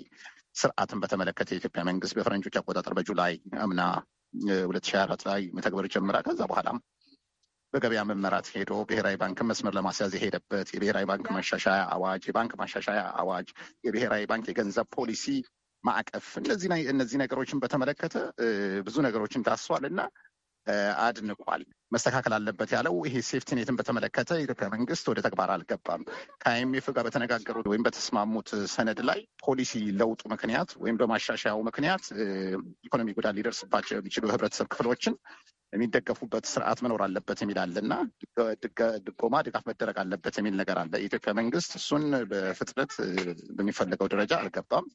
ስርዓትን በተመለከተ የኢትዮጵያ መንግስት በፈረንጆች አቆጣጠር በጁላይ አምና ሁለት ሺህ አራት ላይ መተግበር ጀምራ ከዛ በኋላም በገበያ መመራት ሄዶ ብሔራዊ ባንክን መስመር ለማስያዝ የሄደበት የብሔራዊ ባንክ ማሻሻያ አዋጅ፣ የባንክ ማሻሻያ አዋጅ፣ የብሔራዊ ባንክ የገንዘብ ፖሊሲ ማዕቀፍ፣ እነዚህ ነገሮችን በተመለከተ ብዙ ነገሮችን ዳስሷል እና አድንቋል። መስተካከል አለበት ያለው ይሄ ሴፍቲኔትን በተመለከተ የኢትዮጵያ መንግስት ወደ ተግባር አልገባም። ከአይኤምኤፍ ጋር በተነጋገሩት ወይም በተስማሙት ሰነድ ላይ ፖሊሲ ለውጡ ምክንያት ወይም በማሻሻያው ምክንያት ኢኮኖሚ ጉዳት ሊደርስባቸው የሚችሉ ህብረተሰብ ክፍሎችን የሚደገፉበት ስርዓት መኖር አለበት የሚል እና ድጎማ ድጋፍ መደረግ አለበት የሚል ነገር አለ። የኢትዮጵያ መንግስት እሱን በፍጥነት በሚፈለገው ደረጃ አልገባም።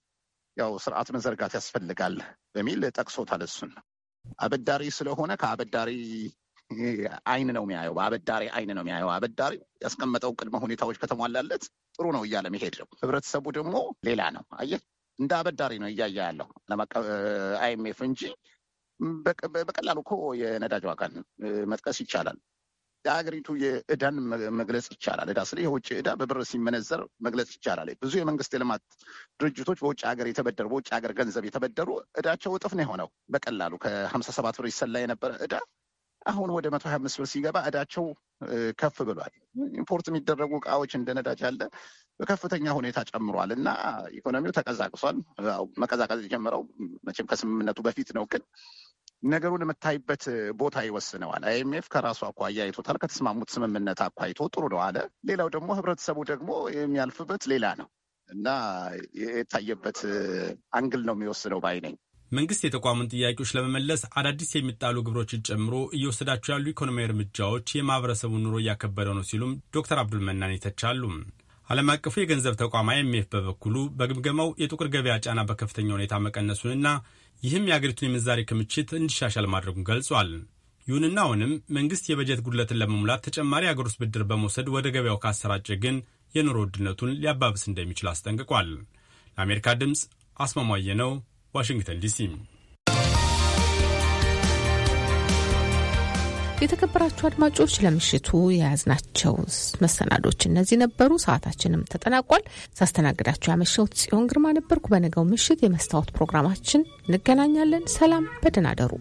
ያው ስርዓት መዘርጋት ያስፈልጋል በሚል ጠቅሶታል። እሱን አበዳሪ ስለሆነ ከአበዳሪ አይን ነው የሚያየው፣ በአበዳሪ አይን ነው የሚያየው። አበዳሪ ያስቀመጠው ቅድመ ሁኔታዎች ከተሟላለት ጥሩ ነው እያለ መሄድ ነው። ህብረተሰቡ ደግሞ ሌላ ነው። አየህ እንደ አበዳሪ ነው እያየ ያለው አይኤምኤፍ እንጂ በቀላሉ እኮ የነዳጅ ዋጋን መጥቀስ ይቻላል። የሀገሪቱ የእዳን መግለጽ ይቻላል። እዳ ስለ የውጭ እዳ በብር ሲመነዘር መግለጽ ይቻላል። ብዙ የመንግስት የልማት ድርጅቶች በውጭ ሀገር የተበደሩ በውጭ ሀገር ገንዘብ የተበደሩ እዳቸው እጥፍ ነው የሆነው በቀላሉ ከሀምሳ ሰባት ብር ይሰላ የነበረ እዳ አሁን ወደ መቶ ሀያ አምስት ብር ሲገባ እዳቸው ከፍ ብሏል። ኢምፖርት የሚደረጉ እቃዎች እንደ ነዳጅ አለ በከፍተኛ ሁኔታ ጨምሯል እና ኢኮኖሚው ተቀዛቅሷል። መቀዛቀዝ የጀመረው መቼም ከስምምነቱ በፊት ነው ግን ነገሩን የምታይበት ቦታ ይወስነዋል። አይኤምኤፍ ከራሱ አኳያ አይቶታል። ከተስማሙት ስምምነት አኳይቶ ጥሩ ነው አለ። ሌላው ደግሞ ህብረተሰቡ ደግሞ የሚያልፍበት ሌላ ነው እና የታየበት አንግል ነው የሚወስነው ባይ ነኝ። መንግስት የተቋሙን ጥያቄዎች ለመመለስ አዳዲስ የሚጣሉ ግብሮችን ጨምሮ እየወሰዳቸው ያሉ ኢኮኖሚያዊ እርምጃዎች የማህበረሰቡን ኑሮ እያከበደው ነው ሲሉም ዶክተር አብዱል መናን ይተቻሉ። ዓለም አቀፉ የገንዘብ ተቋም አይኤምኤፍ በበኩሉ በግምገማው የጥቁር ገበያ ጫና በከፍተኛ ሁኔታ መቀነሱንና ይህም የአገሪቱን የምንዛሬ ክምችት እንዲሻሻል ማድረጉን ገልጿል። ይሁንና አሁንም መንግሥት የበጀት ጉድለትን ለመሙላት ተጨማሪ የአገር ውስጥ ብድር በመውሰድ ወደ ገበያው ካሰራጨ ግን የኑሮ ውድነቱን ሊያባብስ እንደሚችል አስጠንቅቋል። ለአሜሪካ ድምፅ አስማማየ ነው፣ ዋሽንግተን ዲሲ የተከበራችሁ አድማጮች ለምሽቱ የያዝናቸው መሰናዶች እነዚህ ነበሩ። ሰዓታችንም ተጠናቋል። ሳስተናግዳችሁ ያመሸሁት ጽዮን ግርማ ነበርኩ። በነገው ምሽት የመስታወት ፕሮግራማችን እንገናኛለን። ሰላም፣ በደህና ደሩ።